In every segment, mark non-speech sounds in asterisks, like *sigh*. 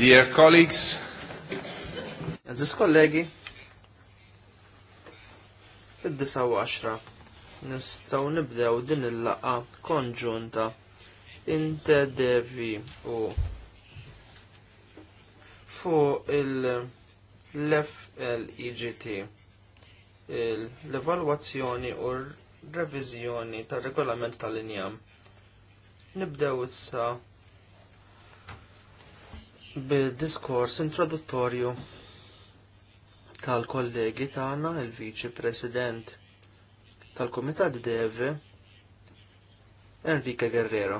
Dear colleagues, Aziz kollegi, id-19 nistaw nibdew din il-laqa konġunta interdevi u fuq il-FLEGT l-evalwazzjoni u r-revizjoni tal-regolament tal-injam. Nibdew issa bil-diskors introduttorju tal-kollegi tagħna il-Viċi President tal-Kumitat DEV Enrique Guerrero.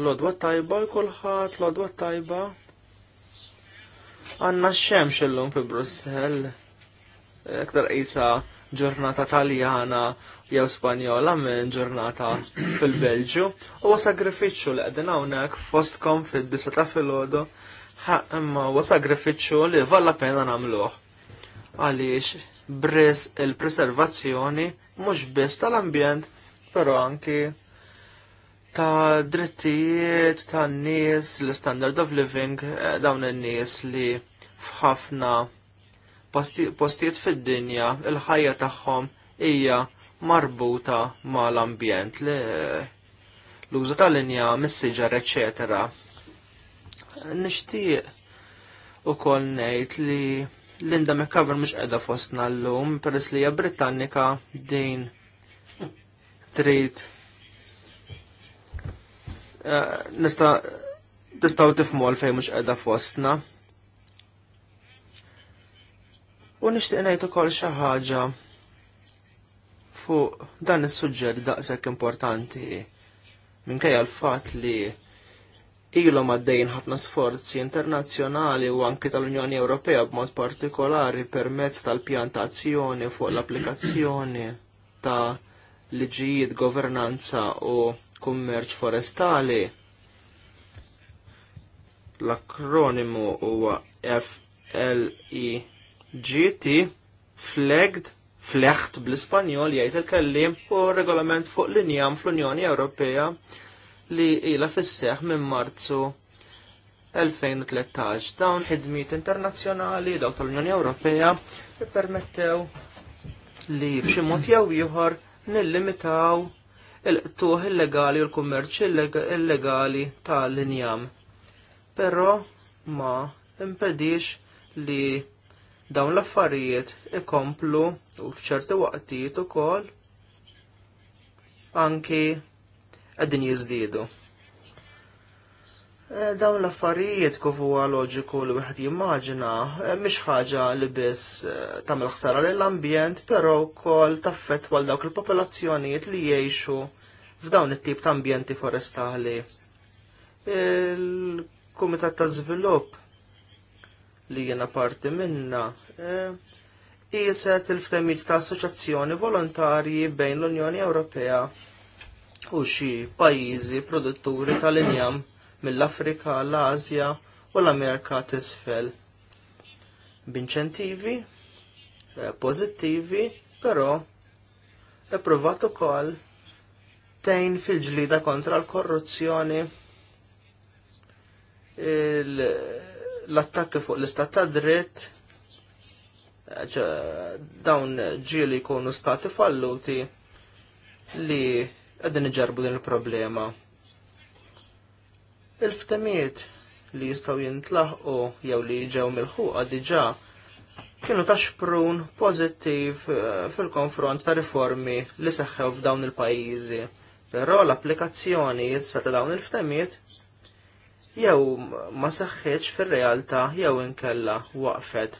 L-odwa tajba l-kulħat, l-odwa tajba għanna xemx l-lum fi Brussel, ektar qisa ġurnata taljana jew spanjola minn ġurnata fil-Belġju u sagrifiċċju li qegħdin hawnhekk fostkom fid-disa ta' filgħodu imma huwa sagrifiċċju li valla pena nagħmluh. Għaliex bris il-preservazzjoni mhux biss tal-ambjent, però anki ta' drittijiet ta' nies l-standard of living eh, dawn in-nies li f'ħafna postijiet fid-dinja il-ħajja tagħhom hija marbuta mal-ambjent li l-użu tal-linja mis-siġar eċetera. Nixtieq ukoll ngħid li Linda McCover mhux edha fostna llum peress li Britannika din trid eh, nista' tistgħu tifmol fejn mhux qiegħda fostna. U nixtieq ngħid ukoll xi ħaġa fuq dan is-suġġett daqshekk importanti minkejja l-fatt li ilhom għaddejjin ħafna sforzi internazzjonali u anki tal-Unjoni Ewropea b'mod partikolari permezz tal-pjantazzjoni fuq l-applikazzjoni ta' liġijiet governanza u kummerċ forestali. L-akronimu huwa FLE GT flagged fleħt bl-Ispanjol jgħid il-kellim u regolament fuq linjam fl-Unjoni Ewropea li ila fisseħ minn Marzu 2013. Dawn ħidmiet internazzjonali daw tal-Unjoni Ewropea permettew li f'xi mod jew ieħor nillimitaw il-qtuħ illegali u l-kummerċ illegali tal-linjam. Però ma impedix li dawn l-affarijiet ikomplu u fċerti waqtijiet ukoll anki qegħdin jiżdiedu. E, dawn l-affarijiet kif huwa loġiku li wieħed jimmaġina e, mish ħaġa li biss e, tagħmel ħsara lill-ambjent, però kol taffett għal dawk il-popolazzjonijiet li jgħixu f'dawn it-tip ta' ambjenti forestali. Il-Kumitat ta' Żvilupp li jena parti minna jiset e, il-ftemiġ ta' assoċazzjoni volontarji bejn l-Unjoni Ewropea u xi pajjiżi produtturi tal-injam mill-Afrika, l-Azja u l-Amerika t-isfel. B'inċentivi e, pożittivi, però ipprovat e, ukoll tejn fil-ġlida kontra l-korruzzjoni l-attakki fuq l-istat ta' dritt dawn ġieli jkunu stati falluti li għedin iġarbu din il-problema. Il-ftemiet li jistaw jintlaħqu jew li ġew mill-ħuqa diġa kienu ta' xprun pozittiv eh, fil-konfront ta' riformi li seħħew f'dawn il-pajjiżi. Però l-applikazzjoni jissa ta' dawn il-ftemiet jew ma saħħitx fir-realtà jew inkella waqfet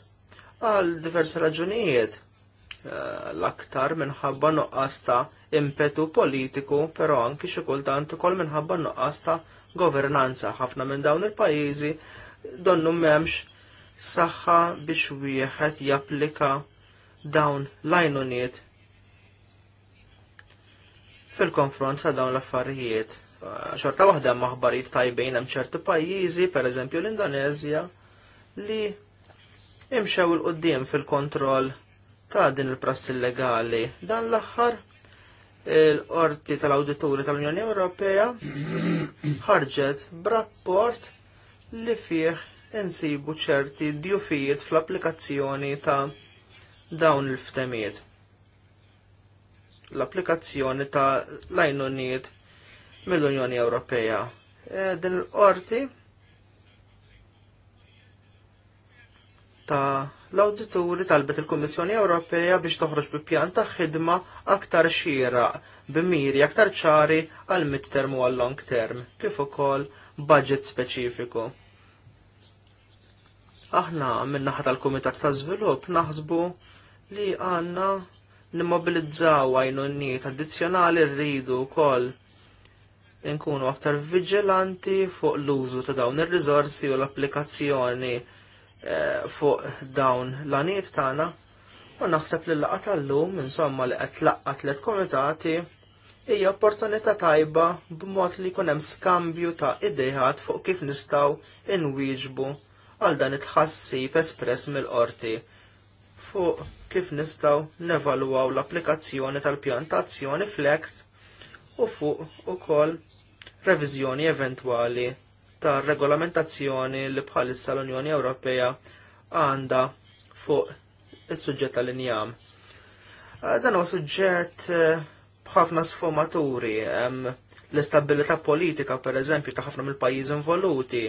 għal diversi raġunijiet eh, l-aktar minħabba nuqqas ta' impetu politiku, però anki xi kultant ukoll minħabba nuqqas ta' governanza. Ħafna minn dawn il-pajjiżi donnu m'hemmx saħħa biex wieħed japplika dawn l-għajnuniet fil-konfront ta' dawn l-affarijiet xorta waħda maħbarijiet tajbejn hemm ċerti pajjiżi, pereżempju l-Indonezja, li imxew il-qoddim fil-kontroll ta' din il-prassi illegali. Dan l-aħħar l qorti tal-Awdituri tal-Unjoni Ewropea *coughs* ħarġet b'rapport li fih insibu ċerti djufijiet fl-applikazzjoni ta' dawn il-ftemiet. L-applikazzjoni ta' lajnuniet mill-Unjoni Ewropea. E, din l-qorti ta' l-awdituri talbet il-Kummissjoni Ewropea biex toħroġ bi pjan ta' ħidma aktar xira b'miri aktar ċari għal mid-term u għal long term, kif ukoll budget speċifiku. Aħna min naħa tal-Kumitat ta' Żvilupp naħsbu li għandna nimmobilizzaw għajnuniet addizzjonali rridu wkoll nkunu aktar vigilanti fuq l-użu ta' dawn ir-riżorsi u l-applikazzjoni eh, fuq dawn l-għaniet tagħna u naħseb li laqgħa tal-lum insomma li qed laqqa tliet komitati hija opportunità tajba b'mod li jkun hemm skambju ta' idejħat fuq kif nistgħu inwieġbu għal dan it-ħassib espress mill-qorti fuq kif nistgħu nevalwaw l-applikazzjoni tal-pjantazzjoni flekt u fuq ukoll reviżjoni eventwali ta' regolamentazzjoni li bħalissa l-Unjoni Ewropea għanda fuq is sujġet tal-injam. Eh, dan huwa suġġett eh, b'ħafna sfumaturi, l-istabilità politika per eżempju ta' ħafna mill-pajjiż involuti,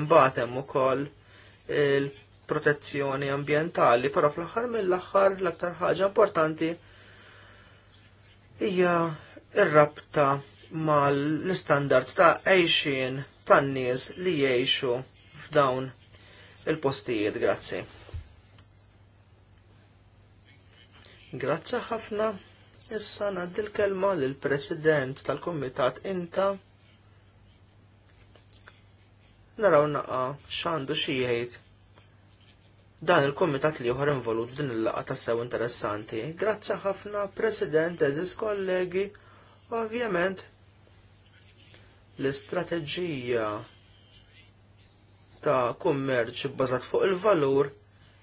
imbagħad hemm ukoll il-protezzjoni ambjentali, però fl-aħħar mill-aħħar l-aktar ħaġa importanti hija ir-rabta mal-standard ta' għejxin tan-nies li jgħixu f'dawn il-postijiet, grazzi. Grazzi ħafna. Issa naddi l-kelma l-President tal-Komitat Inta naraw naqa xandu xijajt dan il-Komitat li uħar involut din il-laqa ta' sew interessanti. Grazzi ħafna, President, eżis kollegi, Ovvjament, l-istrateġija ta' kummerċ bbażat fuq il-valur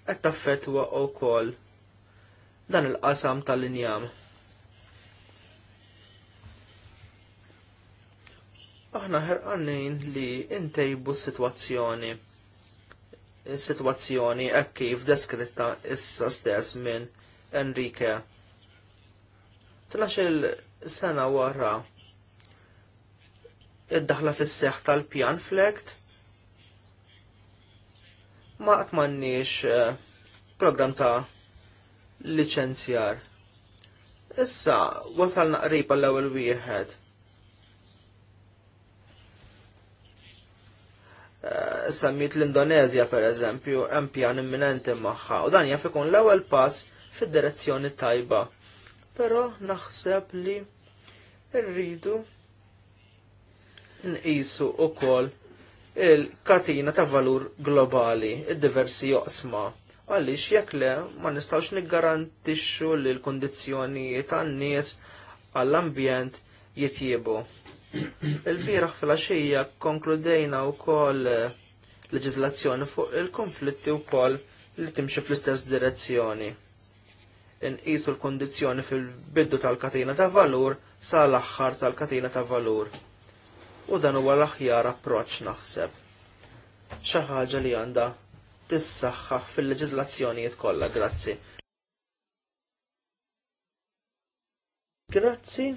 qed taffettwa wkoll dan il-qasam tal-injam. Aħna ħerqanin li intejbu s-sitwazzjoni. sitwazzjoni hekk kif deskritta issa stess minn Enrique il sena wara id-daħla fis-seħħ tal-pjan flekt ma qatt m'għandniex eh, ta' liċenzjar. Issa wasalna qrib l-ewwel wieħed. Eh, semmit l-Indonezja pereżempju hemm pjan imminenti magħha u dan jaf ikun l-ewwel pass fid-direzzjoni tajba però naħseb li rridu nqisu wkoll il-katina ta' valur globali, id-diversi joqsma. Għaliex jekk le ma nistawx niggarantixxu li l-kundizzjonijiet tan-nies għall-ambjent jitjiebu. Il-bieraħ fil axija konkludejna wkoll leġiżlazzjoni fuq il-konflitti wkoll li timxi fl-istess direzzjoni nqisu l kondizjoni fil-biddu tal-katina ta' valur sa l-aħħar tal-katina ta' valur. U dan huwa l-aħjar approċċ naħseb. Xi ħaġa li għandha tissaħħaħ fil-leġiżlazzjonijiet kollha, grazzi. Grazzi,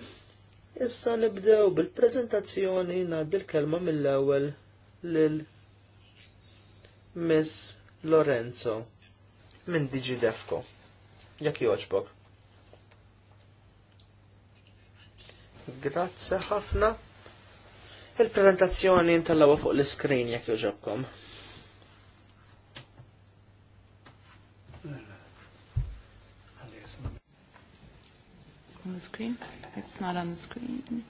issa nibdew bil-preżentazzjoni ngħaddi l-kelma mill-ewwel lil Miss Lorenzo minn Digi Defco jekk joġbok. Grazzi ħafna. Il-prezentazzjoni intallawa fuq l iskrin jekk joġobkom. On the screen? It's not on the screen.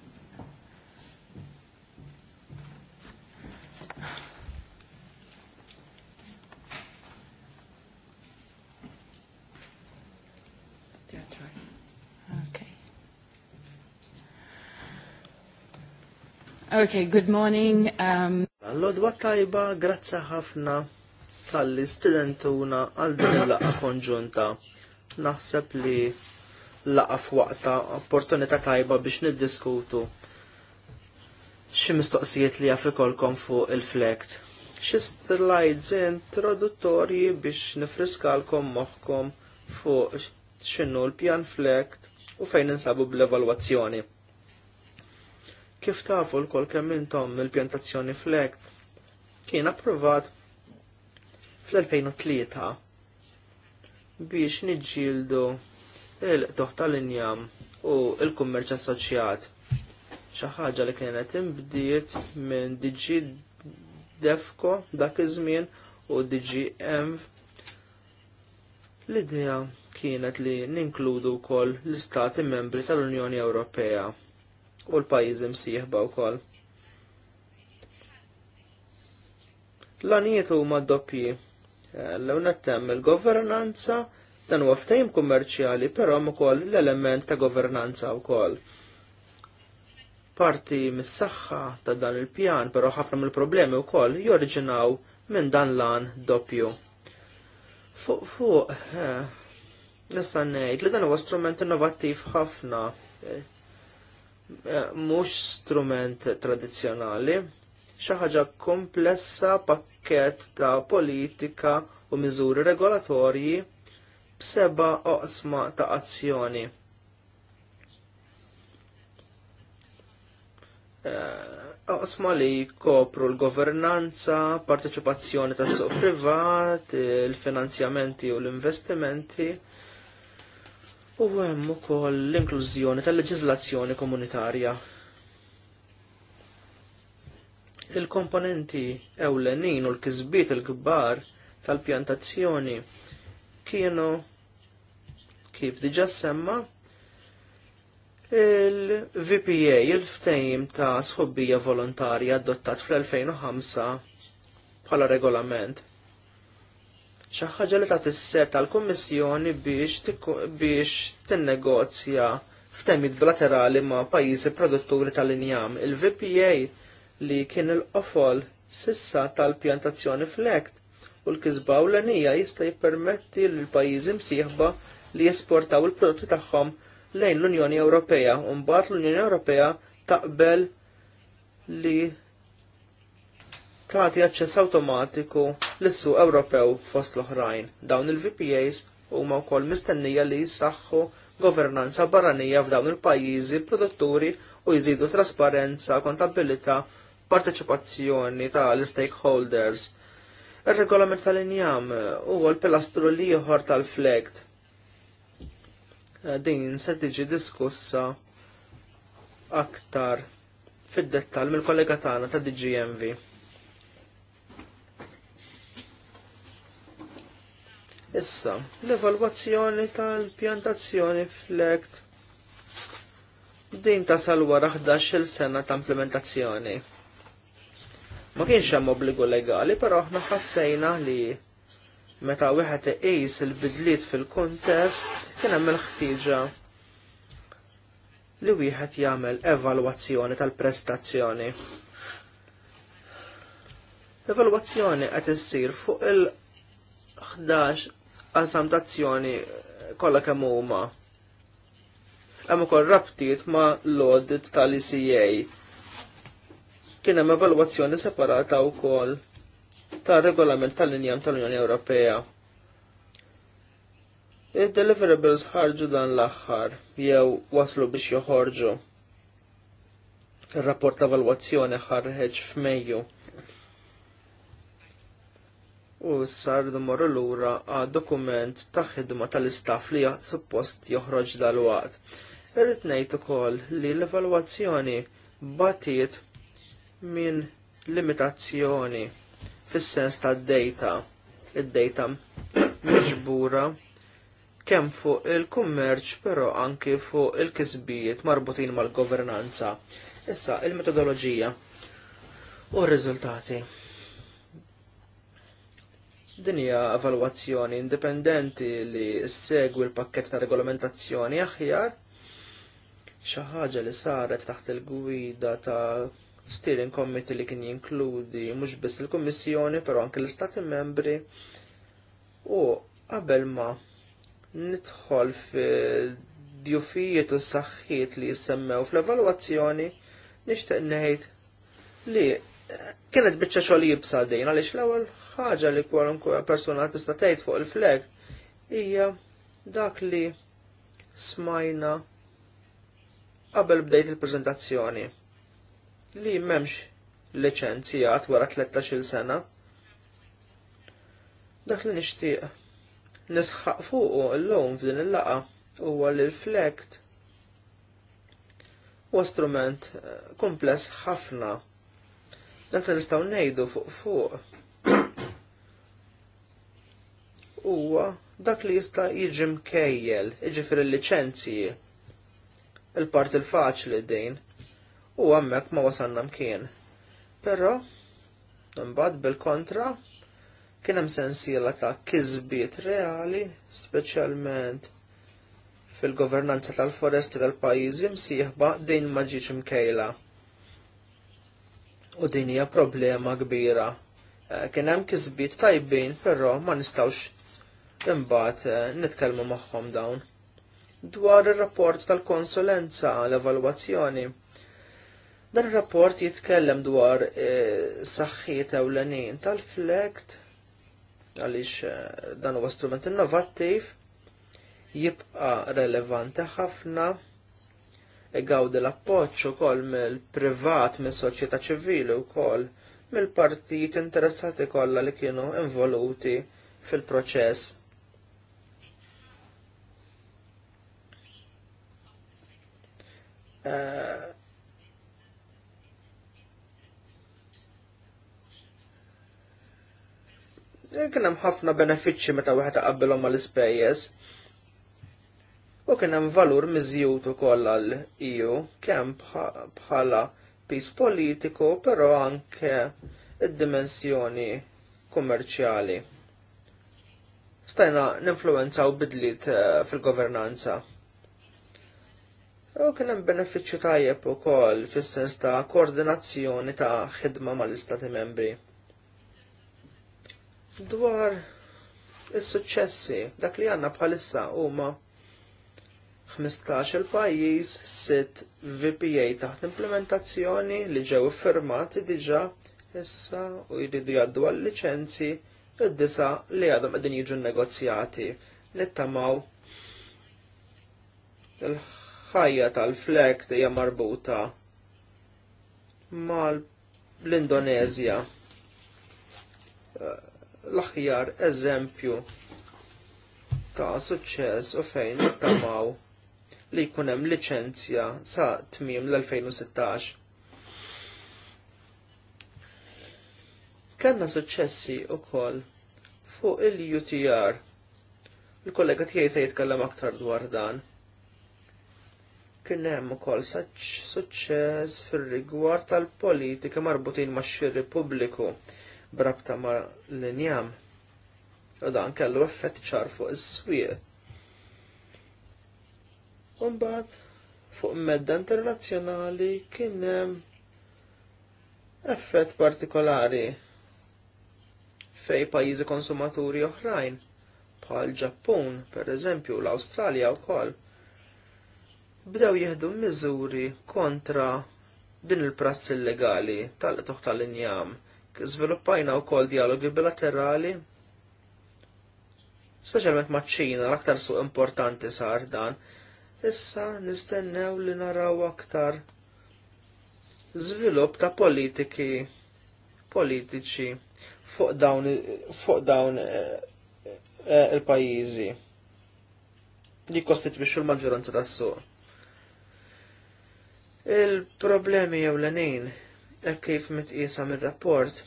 Okay, good morning. Um, Lodwa Allodwa tajba, grazza ħafna tal-li studentuna għal din laqa konġunta. Naħseb li laqa f'waqta opportunità tajba biex niddiskutu xi mistoqsijiet li jafikolkom fuq il-flekt. Xi slides introduttorji biex nifriskalkom moħħkom fuq x'inhu l-pjan flekt u fejn insabu bl-evalwazzjoni. Kif tafu l-kol kemm intom il-pjantazzjoni flek kien approvat fl-2003 biex niġġieldu il-toħ tal-injam u l kummerċ assoċjat. Xi ħaġa li kienet imbdiet minn DG Defco dak iż-żmien u DG Env. L-idea kienet li ninkludu wkoll l-istati membri tal-Unjoni Ewropea u l-pajjiżi msieħba wkoll. l anietu huma doppji. L-ewnet temm il-governanza dan huwa ftehim kummerċjali però koll l-element ta' governanza wkoll. Parti mis-saħħa ta' dan il-pjan però ħafna mill-problemi wkoll jorġinaw minn dan lan doppju. Fuq fuq, eh, nista' ngħid li dan huwa strument innovattiv ħafna Eh, mhux strument tradizzjonali, xi ħaġa komplessa pakkett ta' politika u miżuri regolatorji b'seba' oqsma ta' azzjoni. Eh, oqsma li kopru l-governanza, partecipazzjoni tas suq privat, il-finanzjamenti u l-investimenti, U hemm ukoll l-inklużjoni tal-leġiżlazzjoni komunitarja. Il-komponenti ewlenin u l-kisbiet il-kbar tal-pjantazzjoni kienu kif diġa semma il-VPA, il-ftejm ta' sħobbija volontarja adottat fl-2005 bħala regolament xi ħaġa li ta' s-set tal-Kummissjoni biex tinnegozja f'temmit bilaterali ma' pajjiżi produtturi tal-injam. Il-VPA li kien il-qofol sissa tal-pjantazzjoni flekt u l kizba u l-anija jista' jippermetti l-pajjiżi msieħba li jesportaw il-prodotti tagħhom lejn l-Unjoni Ewropea u mbagħad l-Unjoni Ewropea taqbel li tagħti aċċess awtomatiku lis-suq Ewropew fost l-oħrajn. Dawn il-VPAs huma wkoll mistennija li jsaħħu governanza barranija f'dawn il-pajjiżi produtturi u jżidu trasparenza, kontabilità, parteċipazzjoni tal-stakeholders. Ir-regolament tal-injam huwa l-pilastru li ieħor tal-flegt. Din se tiġi diskussa aktar fid-dettal mill-kollega tagħna ta' DGMV. Issa, l-evalwazzjoni tal-pjantazzjoni flekt din tasal wara 11 sena ta' implementazzjoni. Ma kienx hemm obbligu legali, però aħna ħassejna li meta wieħed iqis il-bidliet fil-kuntest kien hemm il-ħtieġa li wieħed jagħmel evalwazzjoni tal-prestazzjoni. L-evalwazzjoni qed issir fuq il-11 qasam d'azzjoni kollha kemm huma. Hemm ukoll rabtiet ma' l-audit tal-ICA. Kien hemm evalwazzjoni separata wkoll tar regolament tal-injam tal-Unjoni Ewropea. Id-deliverables ħarġu dan l-aħħar jew waslu biex joħorġu. Ir-rapport ta' evalwazzjoni ħarħeġ f'Mejju u sar d-morru l-ura għad dokument ta' ħidma tal-istaff li suppost joħroġ dal-waqt. Irrit ngħid ukoll li l-evalwazzjoni batiet minn limitazzjoni fis-sens tad-data. Id-data *clears throat* miġbura kemm fuq il-kummerċ però anki fuq il-kisbijiet marbutin mal-governanza. Issa il-metodoloġija u r-riżultati Din hija evalwazzjoni indipendenti li segwi l-pakket ta' regolamentazzjoni aħjar xi ħaġa li saret taħt il-gwida ta' steering committee li kien jinkludi mhux biss il-Kummissjoni però anke l-Istati membri u qabel ma nidħol fil-djufijiet u s-saħħiet li jissemmew fl-evalwazzjoni nixtieq ngħid li kienet biċċa xogħol jibsa dejn għaliex l-ewwel ħaġa li kwalunkwe persuna tista' tgħid fuq il-flag hija dak li smajna qabel bdejt il-preżentazzjoni li m'hemmx liċenzjat wara 13-il sena. Dak li nixtieq nisħaq fuqu l-lum f'din il-laqa huwa li l-flekt huwa strument eh, kompless ħafna dak li nistgħu ngħidu fuq fuq huwa dak li jista' jiġi mkejjel, jiġifieri l-liċenzji. Il-part il-faċli din u hemmhekk ma wasanna mkien. Però imbagħad bil-kontra kien hemm sensiela ta' kisbiet reali, speċjalment fil-governanza tal-foresti tal-pajjiżi msieħba din ma ġiġ mkejla. U din hija problema kbira. Eh, kien hemm kisbiet tajbin, però ma nistgħux imbagħad eh, nitkellmu magħhom dawn. Dwar ir-rapport tal-konsulenza l-evalwazzjoni. Dan ir-rapport jitkellem dwar eh, saħħiet ewlenin tal-flekt għaliex eh, dan huwa strument innovattiv jibqa relevanti ħafna egawdi l appoġġ ukoll mill-privat, mis-soċjetà ċivili wkoll mill-partijiet interessati kollha li kienu involuti fil-proċess. Eh, kien hemm ħafna benefiċċji meta wieħed qabbilhom mal-ispejjeż. U kien hemm valur miżjud ukoll għal EU kemm bħala pis politiku, però anke id-dimensjoni kummerċjali. Stajna ninfluwenzaw bidliet eh, fil-governanza. U kien hemm benefiċċju tajjeb ukoll fis-sens ta' koordinazzjoni ta' ħidma mal-Istati membri. Dwar is-suċċessi dak li għandna bħalissa huma 15-il pajjiż sitt VPA taħt implementazzjoni li ġew iffirmati diġà issa u jridu jgħaddu għal liċenzi id-disa li għadhom qegħdin jiġu negozjati nittamaw il ħajja tal-flekt hija marbuta mal-Indonezja. Eh, l-aħjar eżempju ta' suċċess u fejn tamaw li jkun hemm liċenzja sa tmiem l-2016. Kanna suċċessi wkoll fuq il-UTR. Il-kollega tiegħi se jitkellem aktar dwar dan kien hemm ukoll suċċess fir-rigward tal-politika marbutin max-xiri pubbliku brabta ma' l-injam. U dan kellu effett ċar fuq is-swieq. U mbagħad fuq medda internazzjonali kien hemm effett partikolari fej pajjiżi konsumaturi oħrajn bħal Ġappun, pereżempju, l-Awstralja wkoll bdew jieħdu miżuri kontra din il-prassi illegali tal-toħ tal-injam. Zviluppajna u kol dialogi bilaterali, specialment maċ-ċina, l-aktar suq importanti sar dan. Issa nistennew li naraw aktar zvilupp ta' politiki politiċi fuq dawn, fuq dawn eh, eh, il-pajizi li kostit biex l-maġġoranza tas suq il-problemi jew l-għanin, e kif jisam il rapport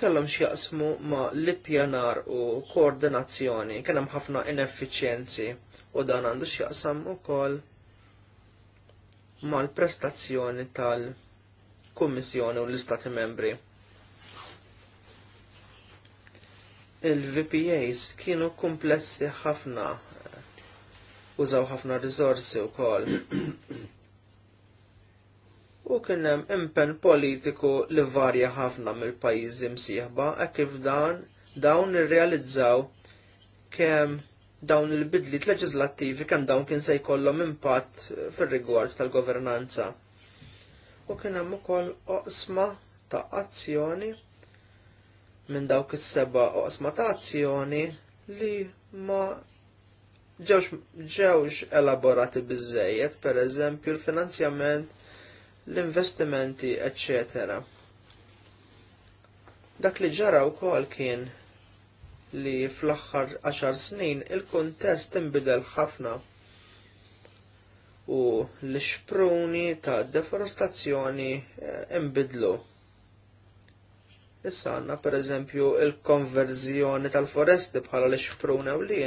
kellhom x'jaqsmu ma' l-ippjanar u koordinazzjoni, kien ħafna ineffiċjenzi u dan għandu x'jaqsam ukoll mal-prestazzjoni tal-Kummissjoni u l-Istati Membri. il-VPAs kienu komplessi ħafna, użaw ħafna rizorsi u kol. u kienem impen politiku li varja ħafna mill-pajizi msieħba, e kif dan dawn irrealizzaw kemm dawn il-bidlit leġislattivi kemm dawn kien se jkollhom impatt fir-rigward tal-governanza. U kien hemm ukoll oqsma ta' azzjoni minn dawk is-seba' oqsma ta' azzjoni li ma ġewx ġewx elaborati biżejjed, per eżempju l-finanzjament, l-investimenti, etc. Dak li ġara wkoll kien li fl-aħħar 10 snin il-kuntest inbidel ħafna u l-xpruni ta' deforestazzjoni eh, imbidlu. Issa għanna per eżempju il-konverzjoni tal-foresti bħala li xpruna u li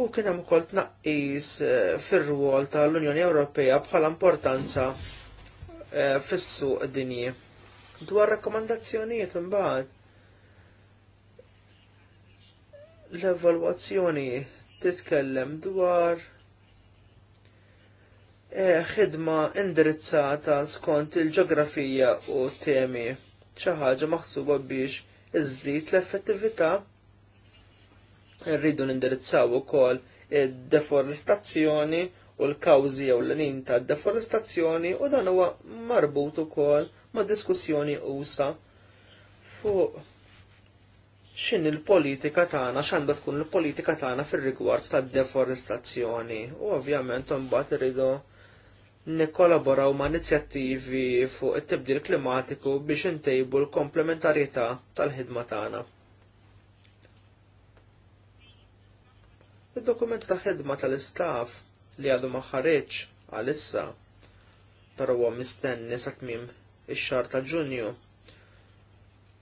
U kien hemm ukoll tnaqqis eh, fir ruol tal-Unjoni Ewropea bħala importanza eh, fis-suq dinji. Dwar rakkomandazzjonijiet imbagħad l-evalwazzjoni titkellem dwar eh, ħidma indirizzata skont il-ġeografija u temi ċaħġa ħaġa maħsuba biex iżżid l-effettività. Rridu nindirizzaw ukoll id-deforestazzjoni u l-kawżi jew l-nin ta' deforestazzjoni u dan huwa marbut ukoll ma' diskussjoni usa fuq xin il-politika tagħna x'għandha tkun il-politika tagħna fir-rigward tad-deforestazzjoni u ovvjament mbagħad irridu nikkolaboraw ma' inizjattivi fuq it-tibdil klimatiku biex intejbu l-komplementarjetà tal-ħidma tagħna. Id-dokument ta' ħidma tal-istaff li għadu ma ħareġ għalissa, però huwa mistenni sa tmiem ix-xahar ta' Ġunju.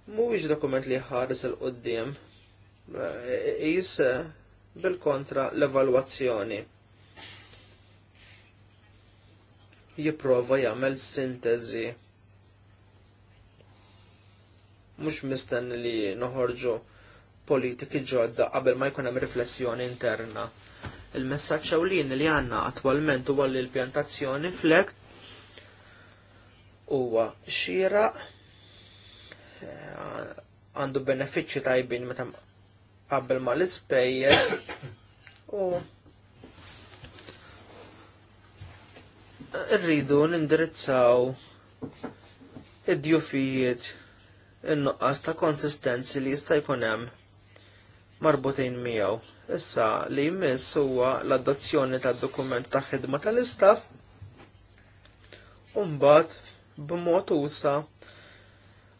Mhuwiex dokument li ħares il qudiem e, e, jisse bil-kontra l-evalwazzjoni jipprova jagħmel sintesi. Mhux mistenni li noħorġu politiki ġodda qabel ma jkun hemm riflessjoni interna. Il-messaġġ ewlien li għandna attwalment huwa li l-pjantazzjoni flek huwa xira eh, għandu benefiċċji tajbin meta qabel ma l-ispejjeż u rridu nindirizzaw id-djufijiet in-nuqqas ta' konsistenzi li jista' jkun hemm marbutin miegħu. Issa li jmiss huwa l-adozzjoni tad dokument ta' ħidma tal-istaff u mbagħad b'mod usa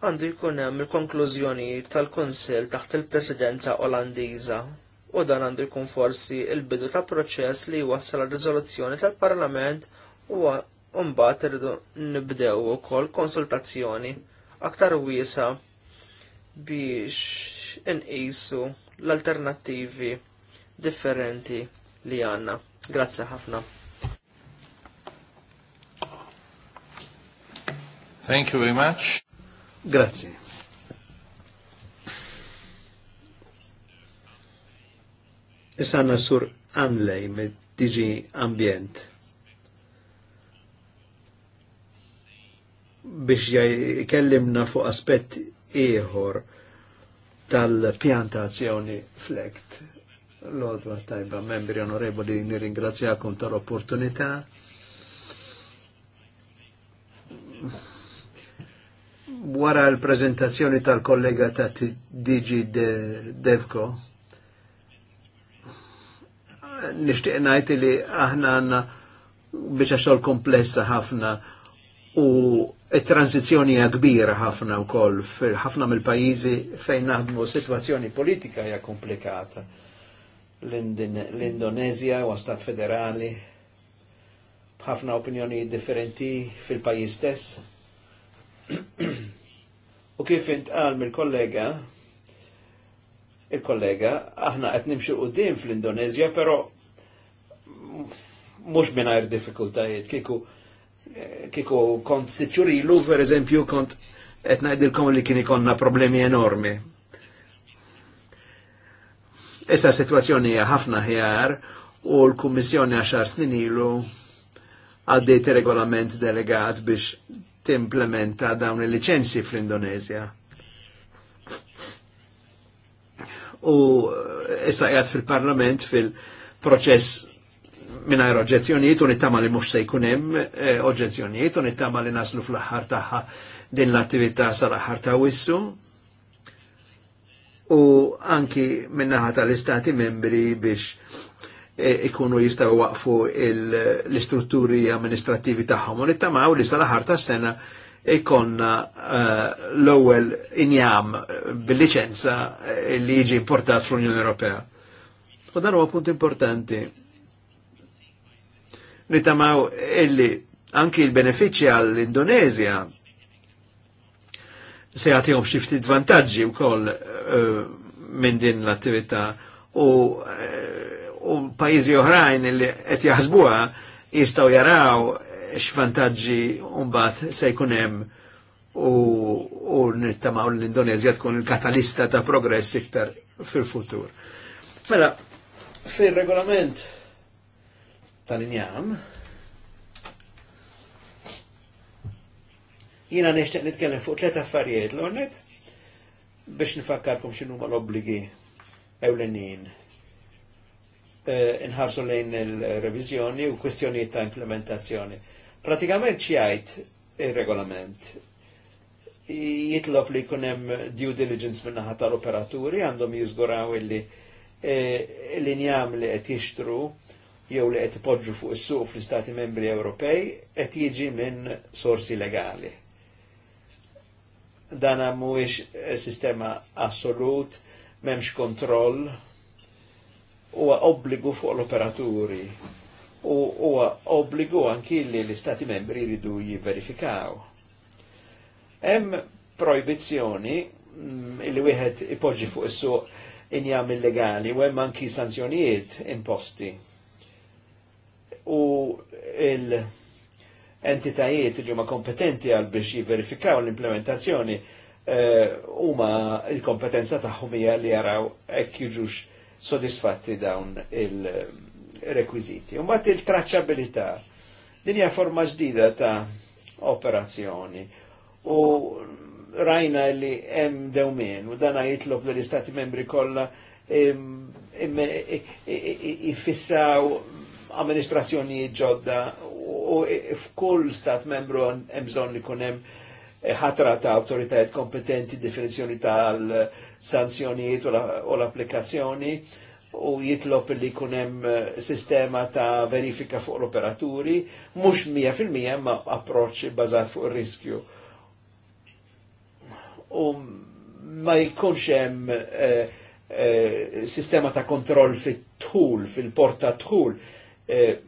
għandu jkun hemm il-konklużjonijiet tal-Kunsill taħt il-Presidenza Olandiża u dan għandu jkun forsi il-bidu ta' proċess li jwassal għal riżoluzzjoni tal-Parlament u mbagħad irridu nibdew ukoll konsultazzjoni aktar wiesa biex inqisu l-alternattivi differenti li għandna. Grazzi ħafna. Thank you very much. Grazie. Isana sur Anlej me diġi Ambient. biex jkellimna fuq aspett ieħor tal-pjantazzjoni flekt. L-odwa tajba, membri onorevoli, nirringrazzjakom tal-opportunità. Wara l-prezentazzjoni tal-kollega ta' Digi Devko, nishtiq najti li aħna għanna biex għaxol komplessa ħafna u Transizjoni hija kbira ħafna koll ħafna mill-pajjiżi fejn naħdmu situazzjoni politika hija komplikata. L-Indonezja huwa stat federali b'ħafna opinjoni differenti fil-pajjiż stess. *clears throat* U kif intqal mill-kollega, il-kollega, aħna qed nimxu qudiem fl-Indonezja, però mhux mingħajr diffikultajiet kieku kiko kont siċurilu, per eżempju, kont etnajdilkom li kien konna problemi enormi. Issa situazzjoni ħafna ħjar u l-Kummissjoni għaxar snin ilu għaddejt regolament delegat biex timplementa dawn il-licenzi fl-Indonezja. U eh, issa jgħat fil-parlament fil-proċess minna oġġezzjonijiet u unittama li mux sejkunem jkunem eh, oġġezzjonijiet li naslu fl-ħar taħħa din l-attività sal-ħar ta' wissu. U anki minnaħa tal-istati membri biex eh, ikunu jistaw waqfu l-istrutturi amministrativi tagħhom u nittamaw li sal-ħar ta' sena ikonna eh, l-ewwel injam bil licenza li jiġi importat fl-Unjoni Ewropea. U dan huwa punt importanti nitamaw illi anki l-benefiċi għall-Indonezja se għatihom xi ftit vantaġġi wkoll eh, minn din l-attività u eh, u pajjiżi oħrajn li qed jaħsbuha jistgħu jaraw x'vantaġġi mbagħad se jkun hemm u, u nittamaw l-Indonezja tkun il-katalista ta' progress iktar fil-futur. Mela, fil-regolament tal-injam. Jina nishtiq nitkellem fuq tlet affarijiet l-ornet biex nifakkarkom xinu ma l obbligi ewlenin eh, inħarsu lejn il-revizjoni u kwestjonijiet ta' implementazzjoni. Pratikament xjajt il-regolament jitlob li kunem due diligence min-naħa tal-operaturi għandhom jizguraw illi eh, l-injam li qed jixtru jew li qed ipoġġu fuq is-suq fl-Istati Membri Ewropej qed jiġi minn sorsi legali. Dan mhuwiex sistema assolut, m'hemmx kontroll, huwa obbligu fuq l-operaturi u huwa obbligu anki li l-Istati Membri jridu jiverifikaw. Hemm proibizzjoni mm, li wieħed ipoġġi fuq is-suq injam illegali u hemm anki sanzjonijiet imposti u l-entitajiet li huma kompetenti għal biex jiverifikaw l-implementazzjoni eh, huma uh, il-kompetenza tagħhom hija li jaraw hekk jiġux sodisfatti dawn il-rekwiziti. U mbagħad il-traċċabilità din hija forma ġdida ta' operazzjoni. U rajna li hemm dewmien u dan jitlob l-istati membri kollha jfissaw amministrazzjonijiet ġodda u f'kull stat membru hemm bżonn li jkun hemm eh, ħatra ta' autoritajiet kompetenti, definizjoni tal-sanzjonijiet u l-applikazzjoni u jitlob li hemm eh, sistema ta' verifika fuq l-operaturi, mhux fil mija ma' approċ bazat fuq ir riskju U ma' jkunx hemm eh, eh, sistema ta' kontroll fit-tul, fil-porta tul, fil E,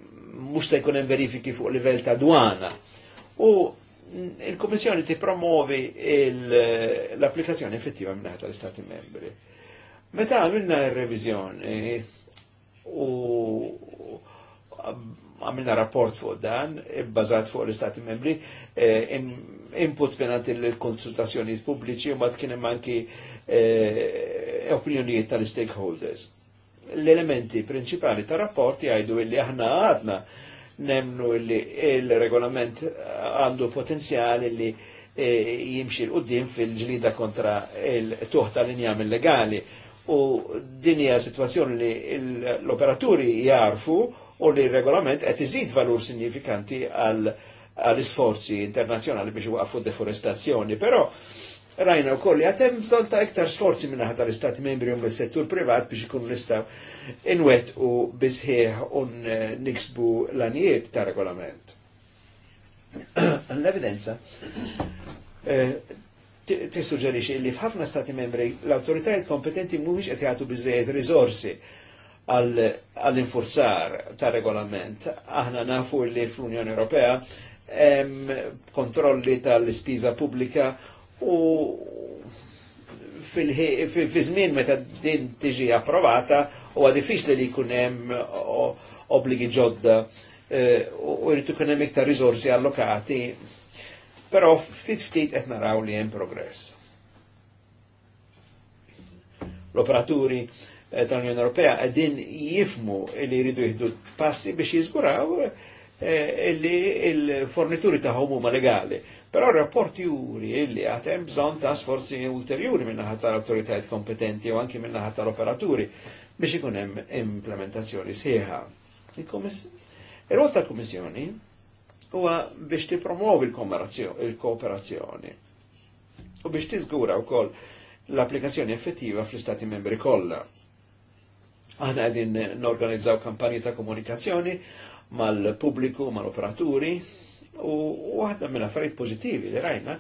mhux se jkun hemm verifiki fuq livell ta' dwana. U il ti tippromovi l-applikazzjoni effettiva minn tal-Istati membri. Meta għamilna r-reviżjoni u għamilna rapport fuq dan, bbażat fuq l-Istati membri, e, input penant il-konsultazzjoni pubbliċi u bat kienem anki e, opinjonijiet tal-stakeholders l-elementi principali ta' rapporti għajdu illi aħna għadna nemnu illi il-regolament għandu potenzjali li e, jimxir l fil-ġlida kontra il-tuħ tal-injam illegali u dinja situazzjoni li l-operaturi jarfu u li il-regolament qed iżid valur signifikanti għal għal-isforzi internazjonali biex waqfu deforestazzjoni, pero rajna u koll, għatem solta iktar sforzi minna ħata l-istati membri u mis settur privat biex ikun nistaw inwet u bizħieħ un niksbu l-anijiet ta' regolament. *clears throat* L-evidenza eh, tissuġġerixi li f'ħafna stati membri l-autoritajiet kompetenti mhuwiex qed jagħtu biżejjed rizorsi għall-infurzar ta' regolament. Aħna nafu li fl-Unjoni Ewropea kontrolli tal-ispiża pubblika u fil-żmien meta din tiġi approvata huwa diffiċli li jkun hemm obbligi ġodda e, u rrid ikun hemm iktar riżorsi allokati, però ftit ftit qed naraw li hemm progress. L-operaturi e, tal-Unjoni Ewropea qegħdin jifmu li jridu jieħdu passi biex jiżguraw e, li l-fornituri tagħhom huma legali Però rapport juri illi għatem bżon ta' sforzi ulterjuri minnaħat tal-autoritajiet kompetenti u anki minnaħat tal-operaturi biex ikun hemm implementazzjoni sħiħa. Ir-rol tal-Kummissjoni huwa biex tippromovi l-kooperazzjoni u biex tiżgura wkoll l-applikazzjoni effettiva fl-Istati membri kollha. Aħna qegħdin norganizzaw kampanji ta' komunikazzjoni mal-pubbliku, mal-operaturi, U għadna minn affarijiet pozitivi li rajna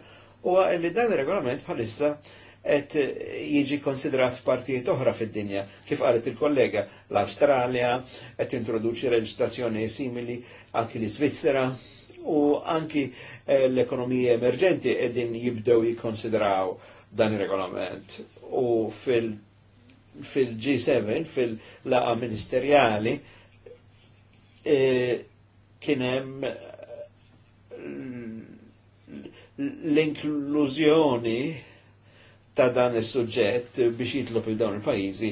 u li dan il regolament bħalissa et jiġi konsiderat partijiet oħra fid-dinja, kif qalet il-kollega, l-Australia, et introduċi reġistrazzjoni simili anki l-Svizzera u anki eh, l ekonomija emerġenti edin jibdew jikonsideraw dan il-regolament. U fil-G7, fil g 7 fil laqa ministerjali, eh, kienem l-inklużjoni ta' dan is-suġġett biex jitlob il dawn il-pajjiżi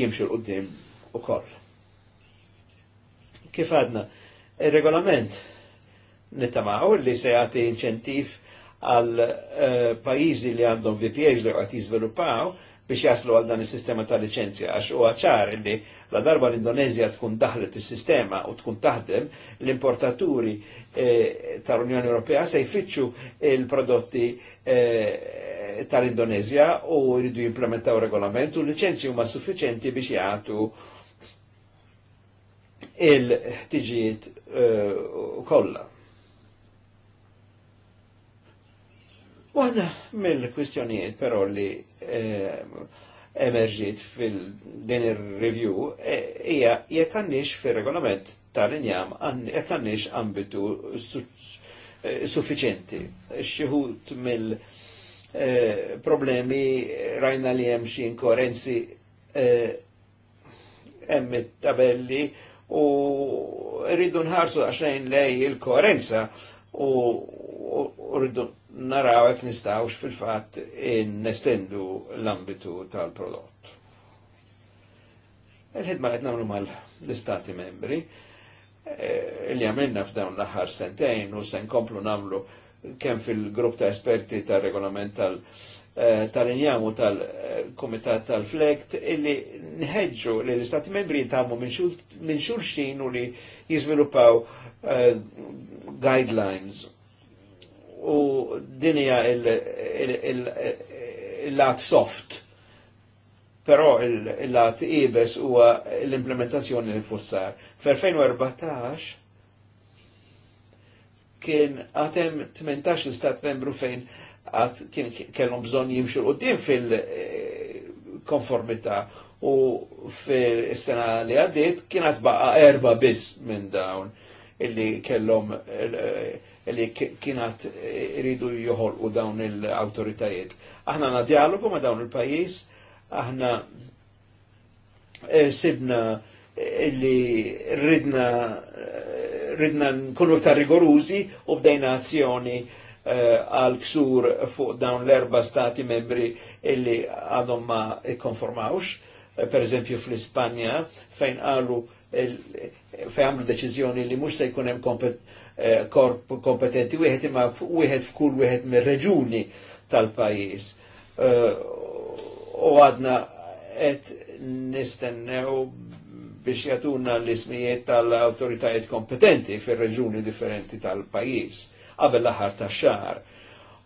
jimxu l u ukoll. Kif għadna, il-regolament nittamaw li se jagħti inċentiv għal eh, pajjiżi li għandhom VPAs li għati jiżviluppaw biex jaslu għal dan is-sistema ta' licenzja għax huwa ċar li la darba l-Indonezja tkun daħlet is-sistema u tkun taħdem l-importaturi eh, tal-Unjoni Ewropea se jfittxu il-prodotti eh, tal-Indonezja u jridu jimplementaw regolament u licenzji huma suffiċenti biex jagħtu il-ħtiġijiet eh, kollha Waħda mill-kwistjonijiet però li eh, emerġiet fil-din ir-review eh, hija jekk għandix fir-regolament tal-injam jekk għandix ambitu eh, suffiċenti. Xieħut mill-problemi rajna li hemm xi inkoerenzi hemm it-tabelli u rridu nħarsu għaxejn lej il-koerenza u rridu naraw nistawx fil-fat nestendu l-ambitu tal-prodott. Il-ħidma qed nagħmlu mal-istati membri, eh, li għamilna f'dawn l-ħar sentejn u sen komplu namlu kem fil-grupp ta' esperti ta' regolament eh, tal-injamu tal tal-komitat tal-flekt illi nħedġu li l-istati membri jitamu minn xulxin u li jizviluppaw eh, guidelines u dinja il-lat soft. Però il-lat ibes huwa l-implementazzjoni li fussar. 2014 kien għatem 18 l-stat membru fejn għat kien kellhom bżonn jimxu din fil-konformità eh, u fil-sena li għaddiet kien għat baqa erba biss minn dawn illi kellhom illi kienat iridu u dawn il autoritajiet Aħna na dialogu ma' dawn il-pajjiż, aħna eh, sibna illi ridna eh, ridna nkunu ta' rigorużi u bdejna azzjoni eh, għal ksur fuq dawn l-erba stati membri illi għadhom ma ikkonformawx, per eżempju fl-Ispanja, fejn qalu Eh, fejamlu deċizjoni li mux se jkunem eh, korp kompetenti wieħed imma wieħed f'kull wieħed mir-reġuni tal pajis eh, U għadna qed nistennew biex jatuna l-ismijiet tal-autoritajiet kompetenti fir-reġuni differenti tal pajis qabel laħar ta' xar. xahar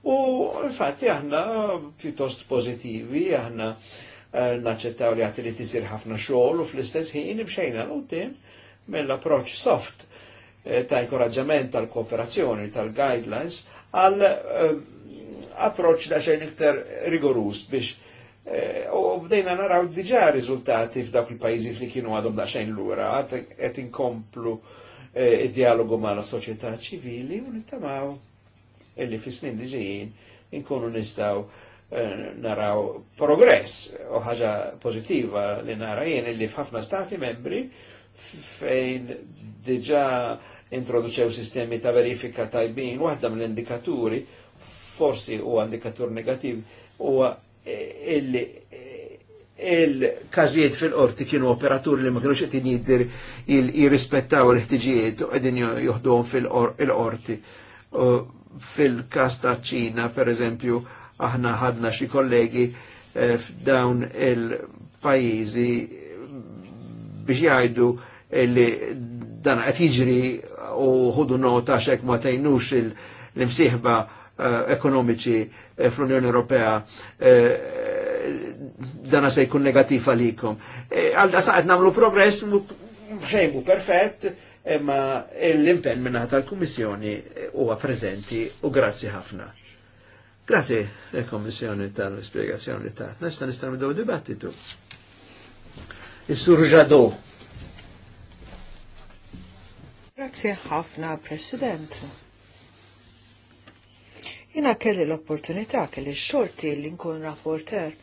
U infatti aħna pjuttost pozitivi, aħna Eh, naċċettaw li għati li tisir ħafna xogħol u fl-istess ħin imxejna l-qudiem mill-approċ soft eh, ta' inkoraġġament tal-kooperazzjoni tal-guidelines għal eh, approċ da' xejn iktar rigorus biex u bdejna naraw diġa riżultati f'dawk il-pajjiżi li kienu għadhom da l lura qed inkomplu id-dialogu ma' la soċjetà ċivili u nittamaw illi fis-snin li ġejjin inkunu nistaw Eh, naraw progress u ħaġa pozitiva li nara jien li f'ħafna stati membri fejn diġa introduċew sistemi ta' verifika tajbin, waħda mill-indikaturi, forsi u indikatur negativ, u illi il-kazijiet fil-qorti kienu operaturi li ma kienux qed jiddir jirrispettaw l-ħtiġijiet u għedin joħduhom fil-qorti. Fil-kas ta' Ċina, per eżempju, aħna ħadna xi kollegi eh, f'dawn il-pajjiżi biex jgħidu li dan qed jiġri u ħudu nota x'hekk ma tgħinux l-imsieħba eh, ekonomiċi eh, fl-Unjoni Ewropea dana se jkun negativ għalikom. Għalda saqed namlu progress xejmu perfett, imma l-impenn minna tal-Kummissjoni huwa preżenti u grazzi ħafna. Grazie l-Kommissjoni eh, tal spiegazioni ta' nista nista' nibdew dibattitu. dibattito. E surgiado. Grazie ħafna, President. Ina kelli l-opportunità kelli xorti li nkun rapporter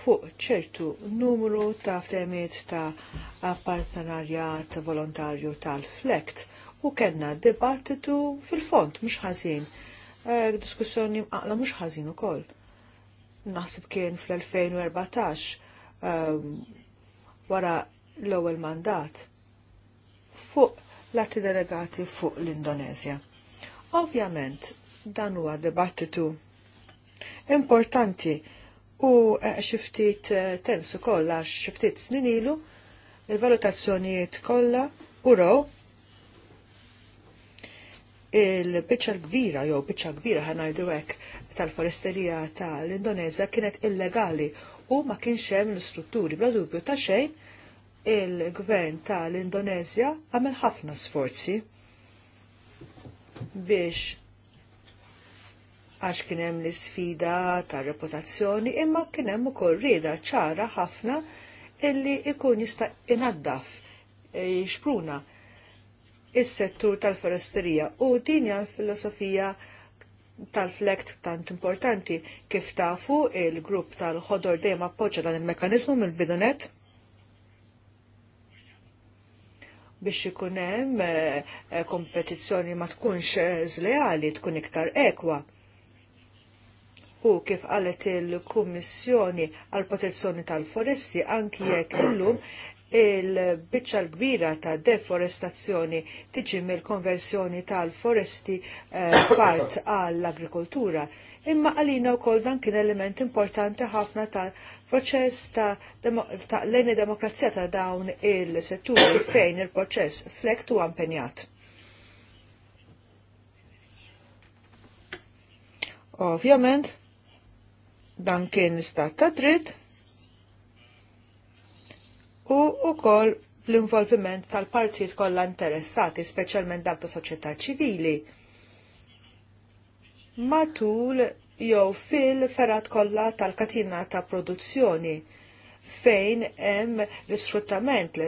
fuq ċertu numru ta' fremiet ta' partenarjat volontarju tal-flekt u kena dibattitu fil-font mux ħazin Eh, diskussjoni mqaqla mhux ħażin ukoll. Naħseb kien fl-2014 ehm, wara l-ewwel mandat fuq lati delegati fuq l-Indonezja. Ovvjament, dan huwa dibattitu importanti u eh, xiftit eh, tensu għax xiftit snin ilu il-valutazzjonijiet kollha u row il-bicċa kbira jew bicċa kbira ħanajdu hekk tal-foresterija tal-Indonezja kienet illegali u ma kienx hemm l-istrutturi bla dubju ta' xejn il-gvern tal-Indonezja għamel ħafna sforzi biex għax kien hemm l-isfida ta' reputazzjoni imma kien hemm ukoll rieda ċara ħafna illi ikun jista' inaddaf eh, jixpruna is-settur tal-foresterija u din hija l-filosofija tal-flekt tant importanti kif tafu il-grupp tal-ħodor dejjem appoġġa dan il-mekanizmu mill-bidunet biex ikun hemm eh, kompetizzjoni ma tkunx eh, zleali, tkun iktar ekwa. U kif qalet il-Kummissjoni għal protezzjoni tal-Foresti anki jekk illum il-biċċa l-kbira ta' deforestazzjoni tiġi mill-konversjoni tal-foresti eh, part għall-agrikoltura imma għalina u kol dan kien element importanti ħafna ta' proċess ta', ta l-eni demokrazija ta' dawn il-setturi fejn il-proċess flekt u ampenjat. Ovvjament, dan kien istat ta' dritt, u wkoll l-involviment tal-partijiet kollha interessati, speċjalment dak ta' soċjetà ċivili. Matul jew fil-ferat kollha tal-katina ta' produzzjoni fejn hemm l-isfruttament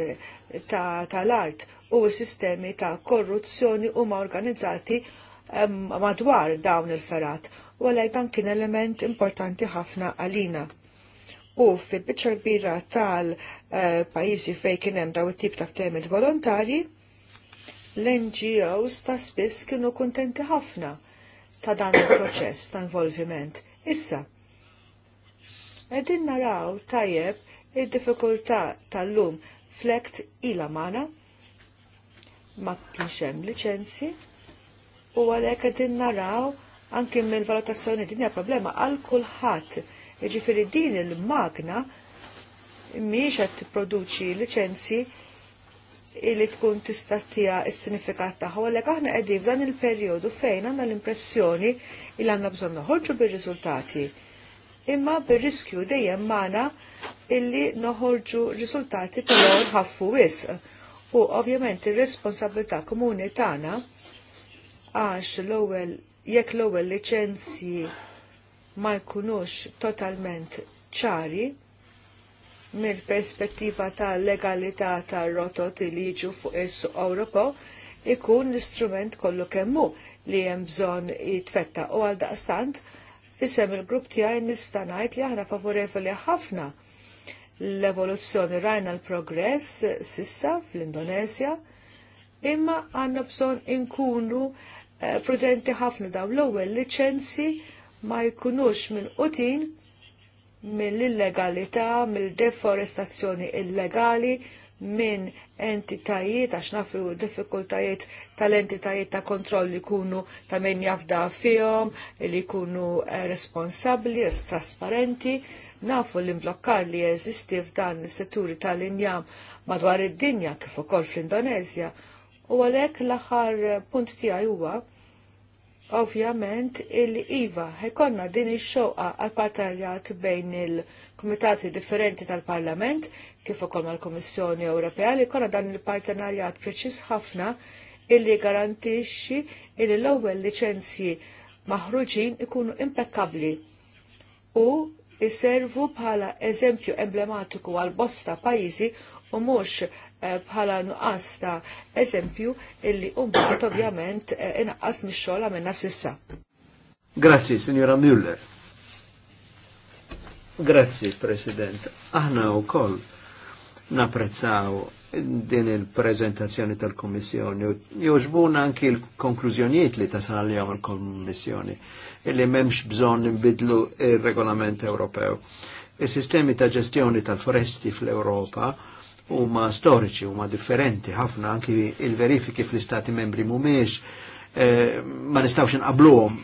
tal-art u s-sistemi ta' korruzzjoni huma organizzati ehm, madwar dawn il-ferat u għalhekk dan kien element importanti ħafna għalina u fil-bicċa kbira tal-pajjiżi fejn kien hemm daw it-tip ta' ftehmet volontarji, l-NGOs ta' spiss kienu kuntenti ħafna ta' dan il-proċess ta' involviment. Issa, edin naraw tajjeb il difikulta tal-lum flekt ila mana, ma kienx hemm u għalhekk qegħdin naraw anke mill-valutazzjoni din hija problema għal kulħadd Jiġifieri din il-magna mhijiex qed tipproduċi liċenzji li tkun tista' tiegħha s-sinifikat tagħha għalhekk aħna qegħdin f'dan il-perjodu fejn għandna l-impressjoni li għandna bżonn noħorġu bir-riżultati imma bir-riskju dejjem magħna illi noħorġu riżultati tal-għor ħaffu wisq. U ovvjament ir-responsabilità komuni tagħna għax l-ewwel jekk l-ewwel liċenzji ma jkunux totalment ċari mill-perspettiva ta' legalità ta' rotot li jiġu fuq is-suq ikun l-istrument kollu kemmu li hemm bżonn jitfetta u għal daqstant isem il-grupp tiegħi nista' ngħid li aħna favorevoli ħafna l-evoluzzjoni rajna l-progress sissa fl-Indonesja imma għandna bżonn inkunu eh, prudenti ħafna dawn l-ewwel liċenzi ma jkunux minn qutin mill-illegalità, mill-deforestazzjoni illegali, minn entitajiet, għax nafu diffikultajiet tal-entitajiet ta' kontroll li kunu ta' min jafda fihom, li kunu eh, responsabli, trasparenti, nafu l-imblokkar li jeżisti f'dan is-setturi tal-injam madwar id-dinja kif ukoll fl-Indonezja. U għalhekk l-aħħar punt tiegħi huwa ovvjament il-IVA ħekonna din ix-xoqa għal partnerjat bejn il-Kumitati differenti tal-Parlament kif ukoll mal-Kummissjoni Ewropea li jkollna dan il-partenarjat preċiż ħafna illi garantixxi il l-ewwel liċenzji maħruġin ikunu impeccabbli u jservu bħala eżempju emblematiku għal bosta pajjiżi u mhux Eh, bħala nuqqas ta' eżempju illi umbat ovvjament eh, inaqqas mix-xogħol għamilna sissa. Grazzi, Signora Müller. Grazzi, President. Aħna u koll naprezzaw din il-prezentazzjoni tal u Joġbuna anki l-konklużjonijiet li tasal jom il-Kommissjoni, illi memx bżon nbidlu il-regolament Ewropew. Il-sistemi ta' ġestjoni tal-foresti fl-Europa huma storiċi, huma differenti ħafna anki il-verifiki fl-istati membri mhumiex eh, ma nistawx nqabluhom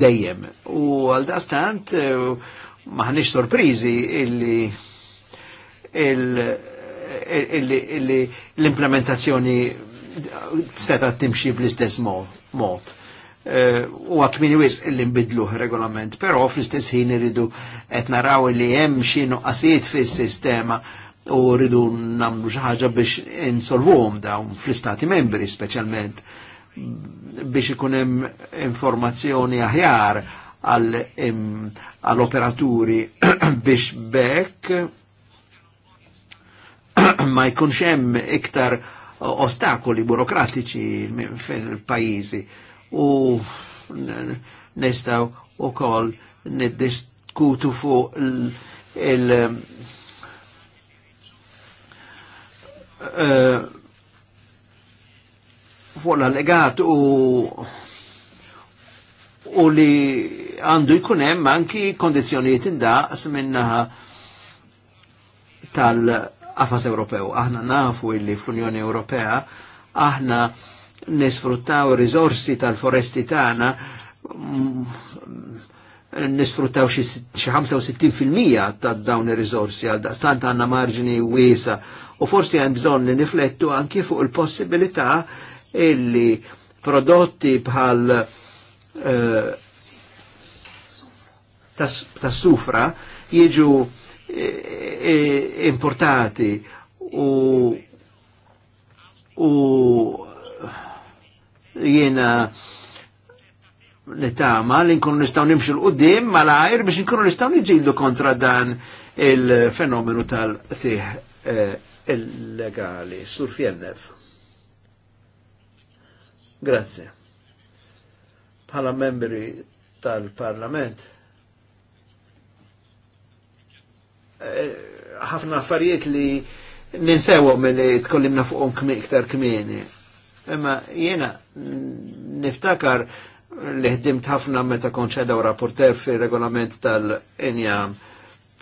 dejjem. U għal dastant ma eh, maħniex sorpriżi illi l-implementazzjoni seta timxi bl-istess mod eh, u minni wis l-imbidlu regolament, pero fl-istess ħin irridu etnaraw li jem xinu qasiet fil-sistema u rridu namlu xaħġa biex insolvuhom dawn fl-istati membri specialment biex ikun hemm informazzjoni aħjar għall-operaturi *clears throat* biex bekk *clears throat* ma jkunx hemm iktar ostakoli burokratiċi fil-pajjiżi u nistgħu ukoll niddiskutu fuq il- Eh, fuq l-allegat u u li għandu jkun hemm anki kondizzjonijiet indaqs minnaħa tal-qafas Ewropew. Aħna nafu illi fl-Unjoni Ewropea aħna nisfruttaw risorsi tal-foresti tagħna mm, nisfruttaw xi 65% ta' dawn ir-riżorsi għal daqstant għandna marġini wiesa' u forsi għan bżon li niflettu anki fuq il-possibilità illi prodotti bħal eh, tas, sufra jiġu eh, eh, importati u u jiena nitama li nkunu nistaw nimxu l-qoddim l-għajr biex nkunu nistaw nġildu kontra dan il-fenomenu tal-tih eh, illegali. Sur fjennef. Grazie. Pala membri tal-parlament, eh, ħafna affarijiet li ninsewu mill-li tkollimna fuqhom iktar kmieni. Imma jena niftakar li ħdimt ħafna meta konċedaw rapporter fil regolament tal-injam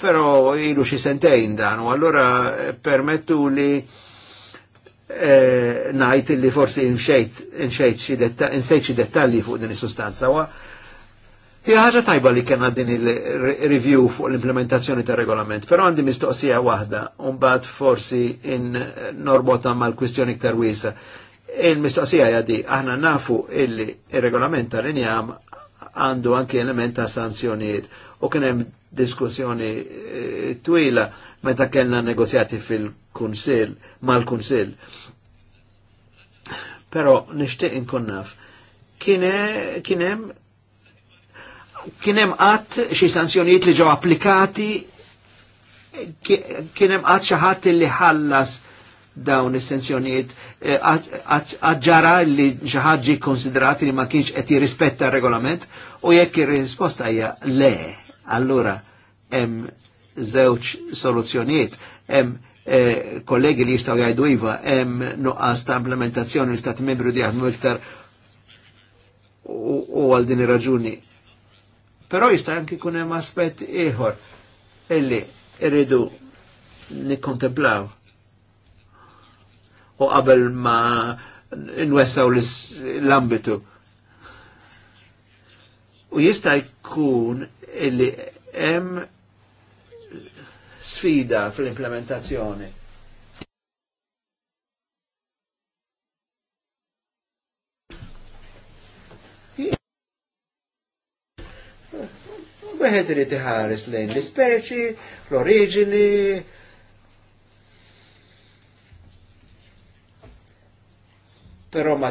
Pero ilu xi sentejn dan, u allura permettu li eh, najt li forsi nxejt xi dettalji fuq din is-sustanza. Hi ħaġa tajba li kien din il-review fuq l-implementazzjoni ta' regolament, Però għandi mistoqsija waħda, unbad forsi in norbota mal-kwistjoni ktar wisa. Il-mistoqsija jadi, aħna nafu illi il-regolament tal-injam għandu anki element ta' sanzjonijiet u kien hemm diskussjoni eh, twila meta kellna negozjati fil-Kunsill mal-Kunsill. Però nixtieq inkun naf kien hemm kien hemm qatt xi sanzjonijiet li ġew applikati kien hemm qatt xi ħadd li ħallas dawn is-sanzjonijiet eh, għadġara li ġaħġi konsiderati li ma kienx qed jirrispetta r-regolament u jekk ir-risposta hija le, Allura, hemm zewċ soluzzjonijiet, hemm eh, kollegi li jistaw jgħidu iva, hemm nuqqas ta' implementazzjoni l-Stati membru di għadmu iktar u għal din raġuni Però jista' anke kun hemm aspett ieħor illi irridu nikkontemplaw. U qabel ma nwessaw l-ambitu. U jista' jkun illi hemm sfida fil implementazzjoni Weħed irid iħares lejn l-ispeċi, l-oriġini, però ma,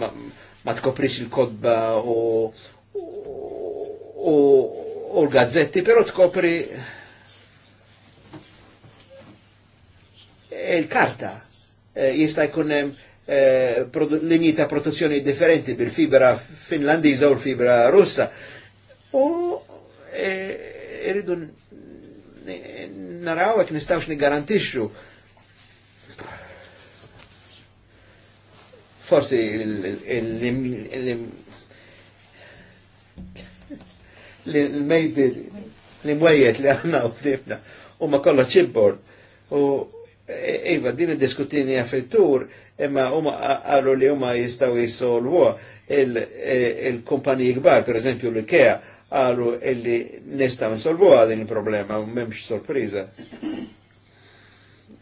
ma, ma tkoprix il-kodba u u, u l-gazzetti, però tkopri il-karta. Eh, jista' jkun hemm eh, linji ta' produzzjoni differenti bil-fibra finlandiża u l-fibra russa. U e, irridu e, naraw jekk nistgħux nigarantixxu forsi l-mejdi li mwejjet li għanna u dibna u ma kolla ċibbor U Iva, din diskutini għafittur, imma huma għallu li huma jistaw jisolvu il-kumpaniji kbar, per eżempju l-IKEA, għallu li nistaw nsolvu din il-problema, u memx sorpriza.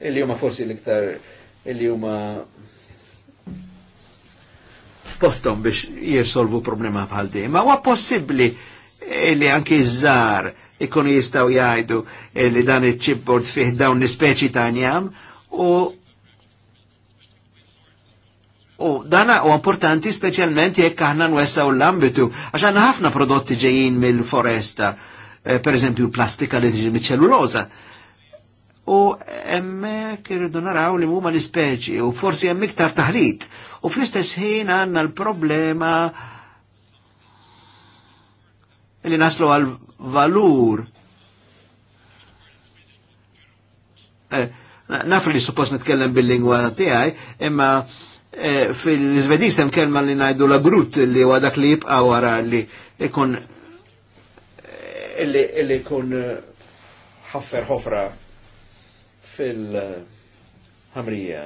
Illi huma forsi l-iktar, illi huma postom biex jirsolvu problema bħal din. Ma huwa possibbli illi anki żar ikkunu jistaw jgħidu illi dan il ċibbord fih dawn l-speċi ta' njam u U dana u importanti specialment jekk aħna nwessaw l-ambitu, għax ħafna prodotti ġejjin mill-foresta, eh, per eżempju plastika li tiġi miċ-ċelluloza. U emmek irridu naraw li huma l-ispeċi u forsi hemm iktar taħlit. U fl-istess ħin għandna l-problema li naslu għal valur. Eh, naf li suppost nitkellem bil-lingwa tiegħi, imma eh, fil izvedis hemm kelma li ngħidu la grut li huwa dak li jibqa' wara li ikun eh, li jkun ħaffer ħofra fil-ħamrija.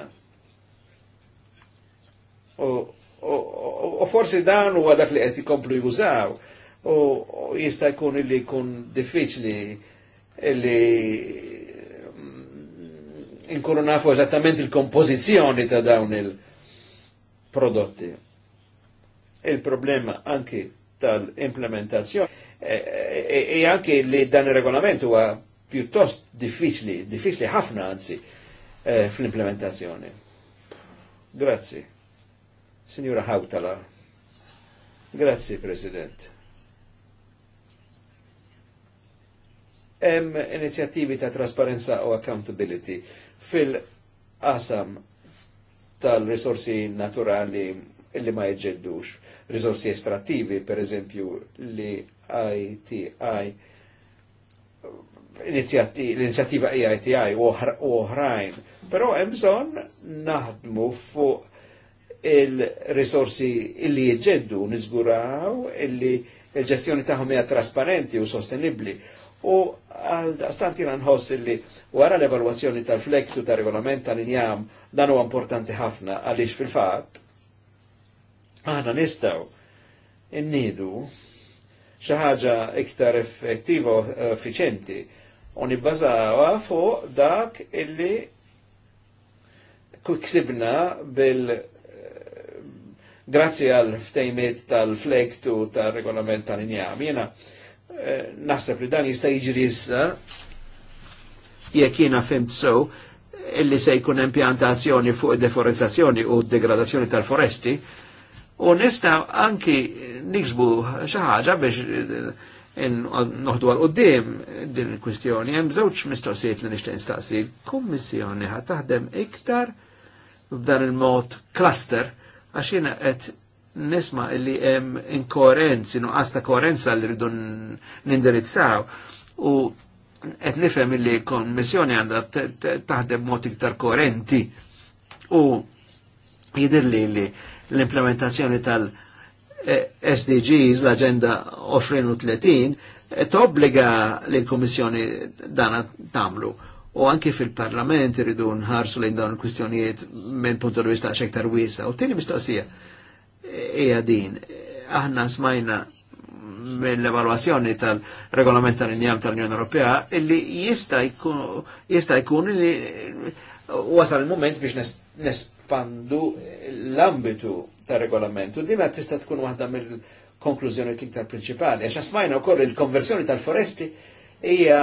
U forsi dan huwa dak li qed ikomplu jużaw u jista' jkun illi jkun diffiċli illi mm, inkunu nafu eżattament il-kompożizzjoni ta' dawn il-prodotti. Il-problema anki tal-implementazzjoni e, e, e anki li dan il regolamentu huwa pjuttost diffiċli, diffiċli ħafna anzi eh, fl-implementazzjoni. Grazzi. Signora Hautala. Grazzi, presidente hemm inizjattivi ta' trasparenza u accountability fil-qasam tal-risorsi naturali li ma jġeddux, risorsi estrattivi, per eżempju, li ITI, l-inizjattiva EITI u oħrajn, però hemm bżonn naħdmu fuq il-risorsi li jġeddu, nizguraw illi il-ġestjoni tagħhom hija trasparenti u sostenibbli U għal stanti nħoss illi wara l-evalwazzjoni tal-flektu ta' regolament tal-injam dan huwa importanti ħafna għaliex fil-fatt aħna nistaw innidu xi ħaġa iktar effettiva u effiċenti u nibbażawha fuq dak illi ksibna bil grazzi għal ftejmiet tal-flektu tal-regolament tal-injam. Jena, Eh, naħseb li dan jista' jiġri issa jekk jiena fimt so illi se jkun hemm pjantazzjoni fuq deforestazzjoni u degradazzjoni tal-foresti u nista' anki niksbu xi ħaġa biex eh, noħdu għal qudiem din il-kwistjoni hemm żewġ mistoqsijiet li nixtieq nistaqsi. Kummissjoni ħad taħdem iktar b'dan il-mod cluster għax jiena qed nisma illi hemm inkoerenzi, nuqqas ta' koerenza li rridu nindirizzaw. U qed nifhem illi kommissjoni għandha taħdem mod iktar koerenti. U jidirli li l-implementazzjoni tal-SDGs, e, l-Agenda 2030, t e, tobbliga l-Komissjoni dana tamlu. U anki fil-Parlament irridu nħarsu lejn dawn il-kwistjonijiet minn punt di vista xektar wisa. U t-tini mistoqsija hija din. Aħna smajna mill-evalwazzjoni tal-regolament tal-injam tal-Unjoni Ewropea illi jista' jkun li wasal il-moment biex nespandu l-ambitu tal-regolamentu. dima tista' tkun waħda mill-konklużjoni tiktar principali prinċipali. Għax smajna wkoll il-konversjoni tal-foresti hija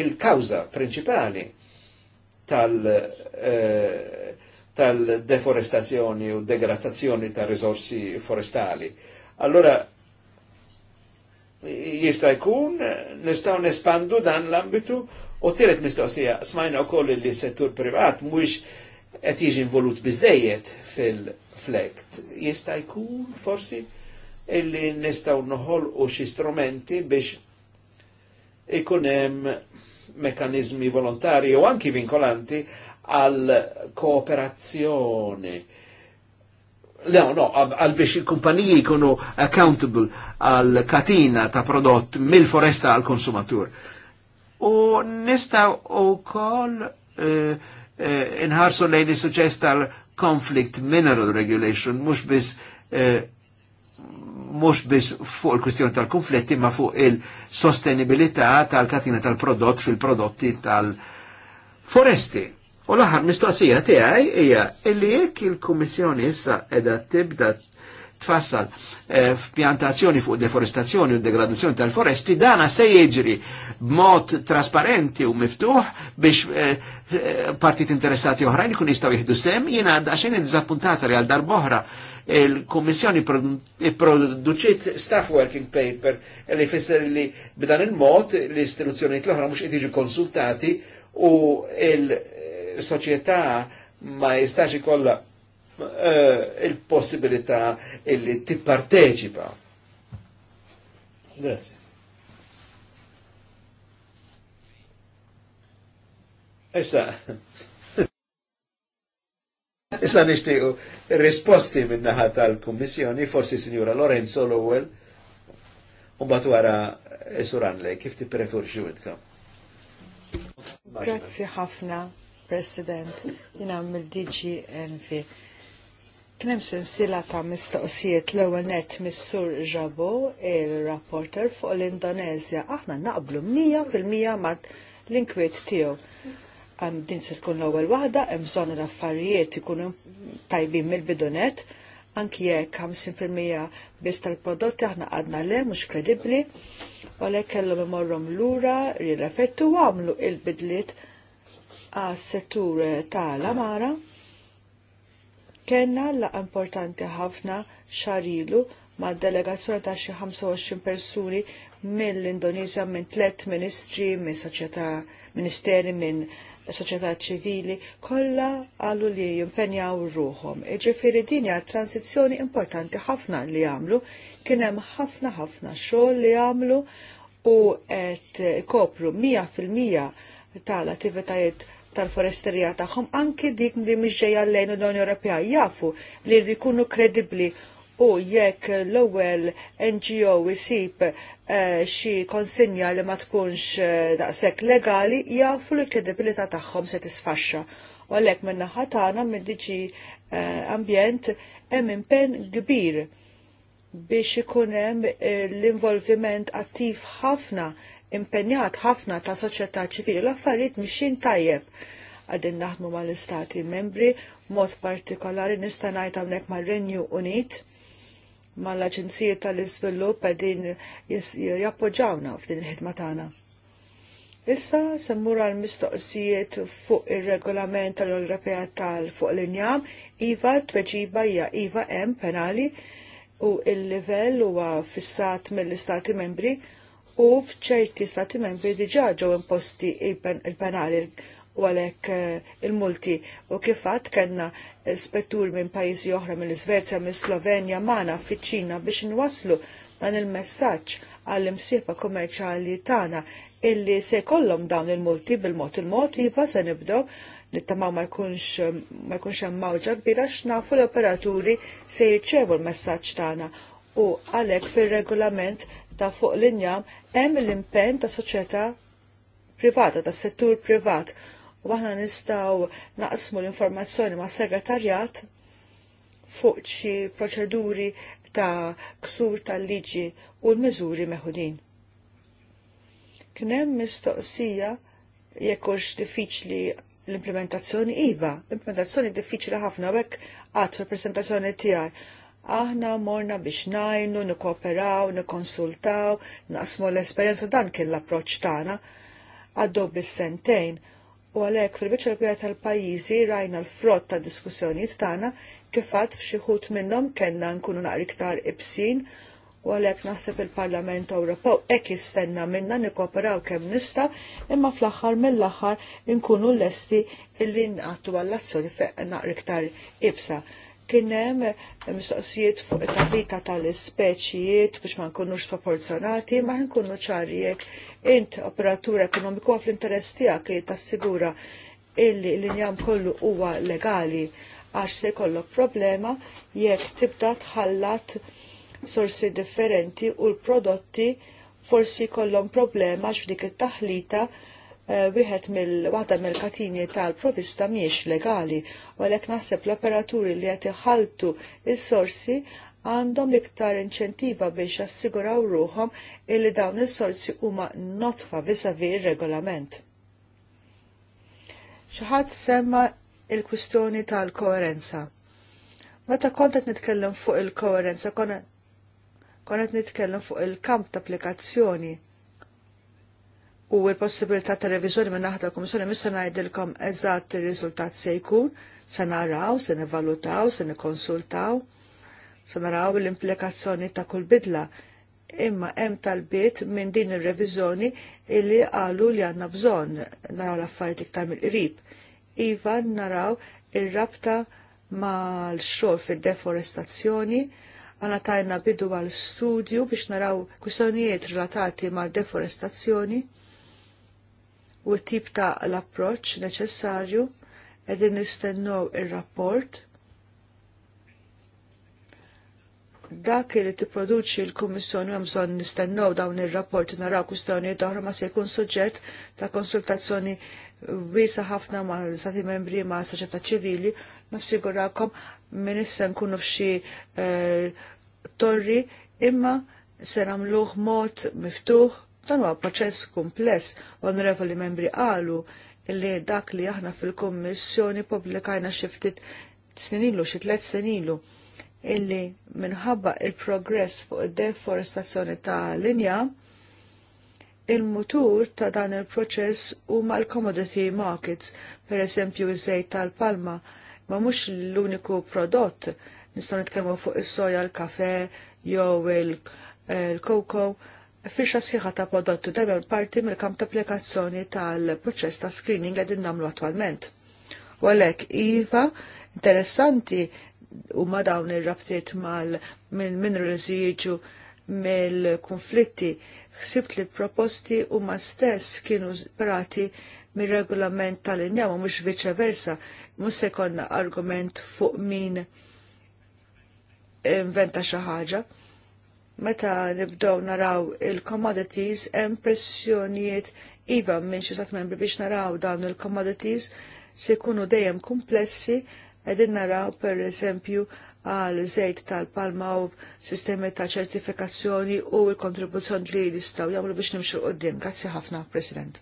il-kawża prinċipali tal- eh, tal-deforestazzjoni u degradazzjoni ta' risorsi forestali. Allora, jista' jkun nistgħu nespandu dan l-ambitu u tiret mistoqsija smajna wkoll li s-settur privat mhuwiex qed jiġi involut biżejjed fil-flekt. Jista' jkun forsi illi nistgħu noħolqu xi strumenti biex ikun hemm mekanizmi volontari u anki vinkolanti għal kooperazzjoni. No, no, għal biex il-kumpaniji jkunu accountable għal katina ta' prodott mill-foresta għal konsumatur. U nista u koll uh, uh, inħarsu lejn suċess tal-conflict mineral regulation, mux bis eh, mux biss fuq il kustjoni tal-konflitti, ma fuq il-sostenibilità tal-katina tal-prodott fil-prodotti tal-foresti. U l-aħħar mistoqsija tiegħi hija illi jekk il-Kummissjoni issa qiegħda tibda tfassal eh, f'pjantazzjoni fuq deforestazzjoni u degradazzjoni tal-foresti, dana se jiġri b'mod trasparenti u miftuħ biex eh, partit interessati oħrajn kun jistgħu jieħdu sem, jiena għaxen id-dizappuntata li għal darboħra il kummissjoni produċiet staff working paper li jfisser li b'dan il-mod l istituzzjonijiet l-oħra mux jtiġu konsultati u soċjetà ma jistax ikollha uh, eh, il-possibilità illi parteċipa. Grazie. Issa, *laughs* issa nishtiqu risposti minnaħa tal-Kommissjoni, forsi Signora Lorenzo l ewel u bat wara eh, Suran lej, kif ti preferi xewitkom? Grazie ħafna. President, jina mill-DG Envi. Kienem sensila ta' mistoqsijiet l ewwel net mis-sur il-rapporter fuq l-Indonezja. Aħna naqblu 100% mat l-inkwiet tiegħu. Għam din se tkun l-ewwel waħda, hemm bżonn l-affarijiet ikunu tajbin mill-bidunet, anki jekk 50% biss tal-prodotti aħna għadna le mhux kredibbli, għalhekk kellhom imorrhom lura, rirrefettu u għamlu il-bidliet għas settur tal-amara kena la importanti ħafna xarilu ma' delegazzjoni ta' xi 25 persuni mill-Indonezja minn tlet ministri, minn soċjetà ministeri, minn soċjetà ċivili, kollha għallu li jimpenjaw ruhom. Iġifieri din hija transizzjoni importanti ħafna li għamlu, kien hemm ħafna ħafna xogħol li għamlu u qed ikopru 100% tal-attivitajiet tal-foresterija tagħhom anki dik li mixejja lejn l-Unjoni Ewropea jafu li jkunu kredibbli u jekk l-ewwel NGO isib eh, xi konsinja li ma tkunx eh, daqshekk legali jafu li l-kredibilità tagħhom se tisfaxxa. U għalhekk minn naħa tagħna mid-diġi eh, ambjent hemm impenn kbir biex ikun hemm l-involviment attiv ħafna impenjat ħafna ta' soċjetà ċivili l-affarijiet mixin tajjeb għadin naħdmu mal-istati membri, mod partikolari nista' ngħid hawnhekk mar-Renju Unit mal-Aġenzija tal-Iżvilupp qegħdin jappoġġawna f'din il-ħidma tagħna. Issa semmur għal mistoqsijiet fuq ir-regolament tal-Ewropea tal-fuq l-injam, iva tweġiba hija iva hemm penali u il-livell huwa fissat mill-Istati membri u fċerti stati membri diġa ġew imposti il-penali u għalek eh, il-multi u kifat kena spettur minn pajizi oħra minn Svezja, minn Slovenja, mana fiċ-Ċina biex nwaslu dan il-messaġġ għall-imsieħba kummerċali tagħna illi se kollhom dawn il-multi bil-mod il-mod iva se nibdew li ma jkunx ma jkunx hemm mawġa kbira x'nafu l-operaturi se jirċevu l-messaġġ tagħna u għalhekk fir-regolament ta' fuq linja hemm l-impenn ta' soċjetà privata, ta' settur privat. U aħna nistgħu naqsmu l-informazzjoni ma' segretarjat fuq xi proċeduri ta' ksur tal-liġi u l-miżuri meħudin. Kien hemm mistoqsija jekk hux diffiċli l-implementazzjoni iva, l-implementazzjoni diffiċli ħafna hekk għad fil-presentazzjoni tiegħi aħna morna biex najnu, nikoperaw, nikonsultaw, naqsmu l-esperienza dan kien l-approċ tagħna għaddu bis-sentejn u għalhekk fil-biċċa l tal-pajjiżi rajna l-frott ta' diskussjonijiet tagħna kif għad f'xi ħut minnhom kellna nkunu naqri iktar ibsin u għalek naħseb il-Parlament Ewropew ek jistenna minna nikoperaw kemm nista imma fl-aħħar mill-aħħar inkunu lesti illi nqattu għall-azzjoni fejn naqri iktar ibsa kienem mistoqsijiet fuq it-taħlita tal-ispeċijiet biex ma nkunux proporzjonati, ma nkunu ċari jekk int operatur ekonomiku għaf l-interess tiegħek li tassigura illi l-injam kollu huwa legali għax se jkollok problema jekk tibda tħallat sorsi differenti u l-prodotti forsi kollhom problema għax dik it-taħlita Eh, wieħed mill-waħda mill-katini tal-provista miex legali, u għalhekk naħseb l-operaturi li qed iħaltu s sorsi għandhom iktar inċentiva biex assiguraw ruhom illi dawn is-sorsi huma notfa viżavi r regolament Xi ħadd semma il-kwistjoni tal-koerenza. Meta kont qed nitkellem fuq il-koerenza, kont qed nitkellem fuq il-kamp ta' applikazzjoni u l-possibilità ta' revizjoni minn naħta l-Komissjoni mista ngħidilkom eżatt ir-riżultat se jkun, se naraw, se nevalutaw, se nikonsultaw, se naraw l-implikazzjoni ta' kull bidla. Imma hemm talbiet minn din ir-reviżjoni illi qalu li għandna bżonn naraw l-affarijiet iktar mill-qrib. Iva naraw ir-rabta mal-xogħol fid-deforestazzjoni, għana tajna bidu għal studju biex naraw kwistjonijiet relatati mal deforestazzjoni u t-tip ta' l-approċ neċessarju edin nistennew ir-rapport dak li tipproduċi l-Kummissjoni hemm bżonn nistennew dawn ir-rapporti naraw kwistjonijiet oħra ma se jkun suġġett ta' konsultazzjoni wiesa ħafna ma' stati membri ma' soċjetà ċivili, nassigurakom minn issa nkunu f'xi eh, torri imma se nagħmluh mod miftuħ Dan huwa proċess kumpless, onorevoli membri qalu li dak li aħna fil-Kommissjoni publikajna snin ilu xi tliet ilu. illi minħabba il-progress fuq id-deforestazzjoni ta' linja, il-mutur ta' dan il-proċess huma l-commodity markets, per eżempju iż-żejt tal-palma, ma mhux l-uniku prodott nistgħu nitkellmu fuq is-soja, l-kafe, jew il-koko, eh, firxa sħiħa ta' prodotti dejjem parti mill-kamp ta' applikazzjoni tal-proċess ta' screening li din nagħmlu attwalment. U għalhekk iva interessanti huma dawn ir-rabtiet mal minn min jiġu mill-konflitti ħsibt li proposti huma stess kienu sperati mir-regolament tal-injama mhux viċeversa, mhux se jkollna argument fuq min inventa xi ħaġa meta nibdow naraw il-commodities hemm pressjonijiet iva minn xi sat membri biex naraw dawn il-commodities se jkunu dejjem komplessi qegħdin naraw per eżempju għal żejt tal-palma u sistemi ta' ċertifikazzjoni u l-kontribuzzjoni li jistgħu jagħmlu biex nimxu qudiem. Grazzi ħafna, President.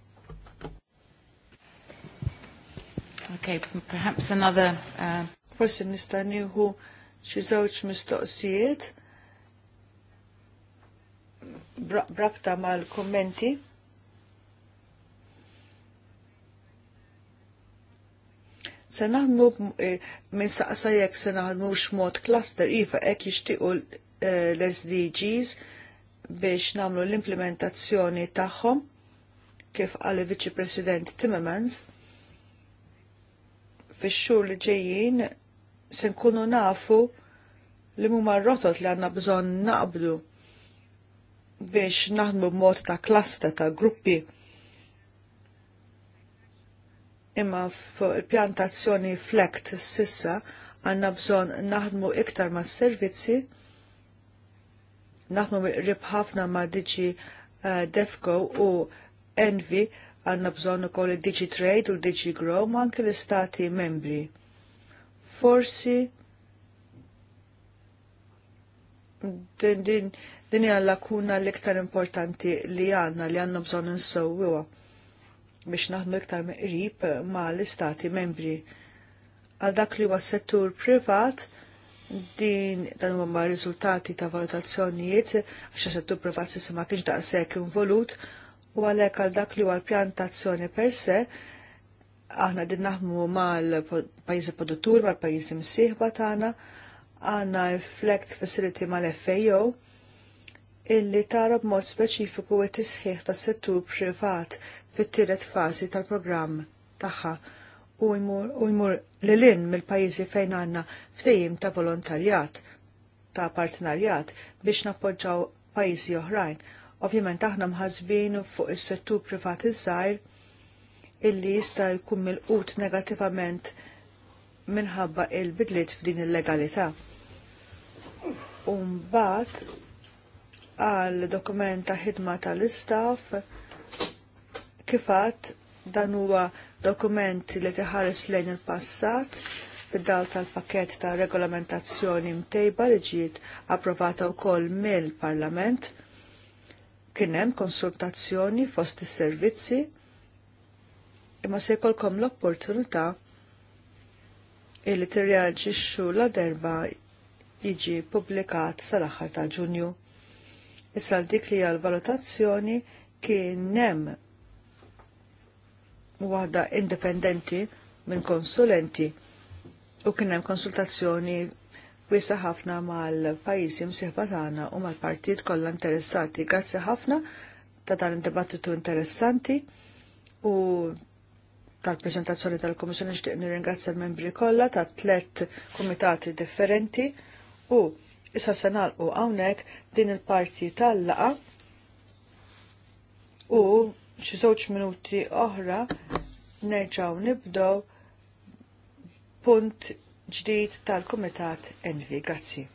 Okay, perhaps another... Uh... Forsi nista' nieħu xi żewġ mistoqsijiet brabta mal-kommenti. Se naħdmu eh, minn saqsa jekk se naħdmu x'mod cluster ifa hekk jixtiequ l-SDGs eh, biex namlu l-implementazzjoni tagħhom kif għalli viċi President Timmermans fix-xhur li ġejjin se nkunu nafu li huma rotot li għandna bżonn naqblu biex naħdmu b'mod ta' klasta ta' gruppi imma fuq il pjantazzjoni flekt sissa għanna bżon naħdmu iktar ma' servizzi naħdmu ribħafna ma' diġi uh, eh, Defco u Envi għanna bżon u koll Trade u Grow ma' anke l-istati membri. Forsi din din Din hija lakuna l-iktar importanti li għandna li għandna bżonn insewwiha biex naħdmu iktar meqrib ma' l-istati membri. Għal dak li huwa settur privat, din dan huma riżultati ta' valutazzjonijiet għax settur privat sissa ma kienx daqshekk involut u għalhekk għal dak li huwa l-pjantazzjoni per se aħna din naħdmu mal-pajjiżi produttur, mal-pajjiżi msieħba tagħna, għandna l-Flect Facility mal-FAO, illi tara b'mod speċifiku it tisħiħ tas settur privat fit-tielet fażi tal-programm tagħha u jmur lilin mill-pajjiżi fejn għandna ftehim ta' volontarjat ta' partnerjat biex nappoġġaw pajjiżi oħrajn. Ovvjament aħna mħazbin fuq is-settur privat iż-żgħir illi jista' jkun mill-qut negattivament minħabba il-bidliet f'din il-legalità. bat, għal dokument ta' ħidma tal-istaff kifat dan huwa dokument li tiħares lejn il-passat fid-dawl tal-pakket ta' regolamentazzjoni mtejba li ġiet approvata wkoll mill-Parlament. Kien hemm konsultazzjoni fost is-servizzi imma se jkollkom l-opportunità illi tirreaġixxu la derba jiġi publikat sal-aħħar ta' Ġunju. Issa dik li għal-valutazzjoni kien hemm waħda indipendenti minn konsulenti u kien hemm konsultazzjoni wiesa ħafna mal-pajjiżi msieħba tagħna u mal partit kollha interessati. Grazzi ħafna ta' dan id-dibattitu interessanti u tal prezentazzjoni tal-Komissjoni nixtieq nirringrazzja l-membri kollha ta' tlet kumitati differenti u Issa se u hawnhekk din il-parti tal-laqa u xi żewġ minuti oħra nerġgħu nibdew punt ġdid tal-Kumitat Envi. Grazzi.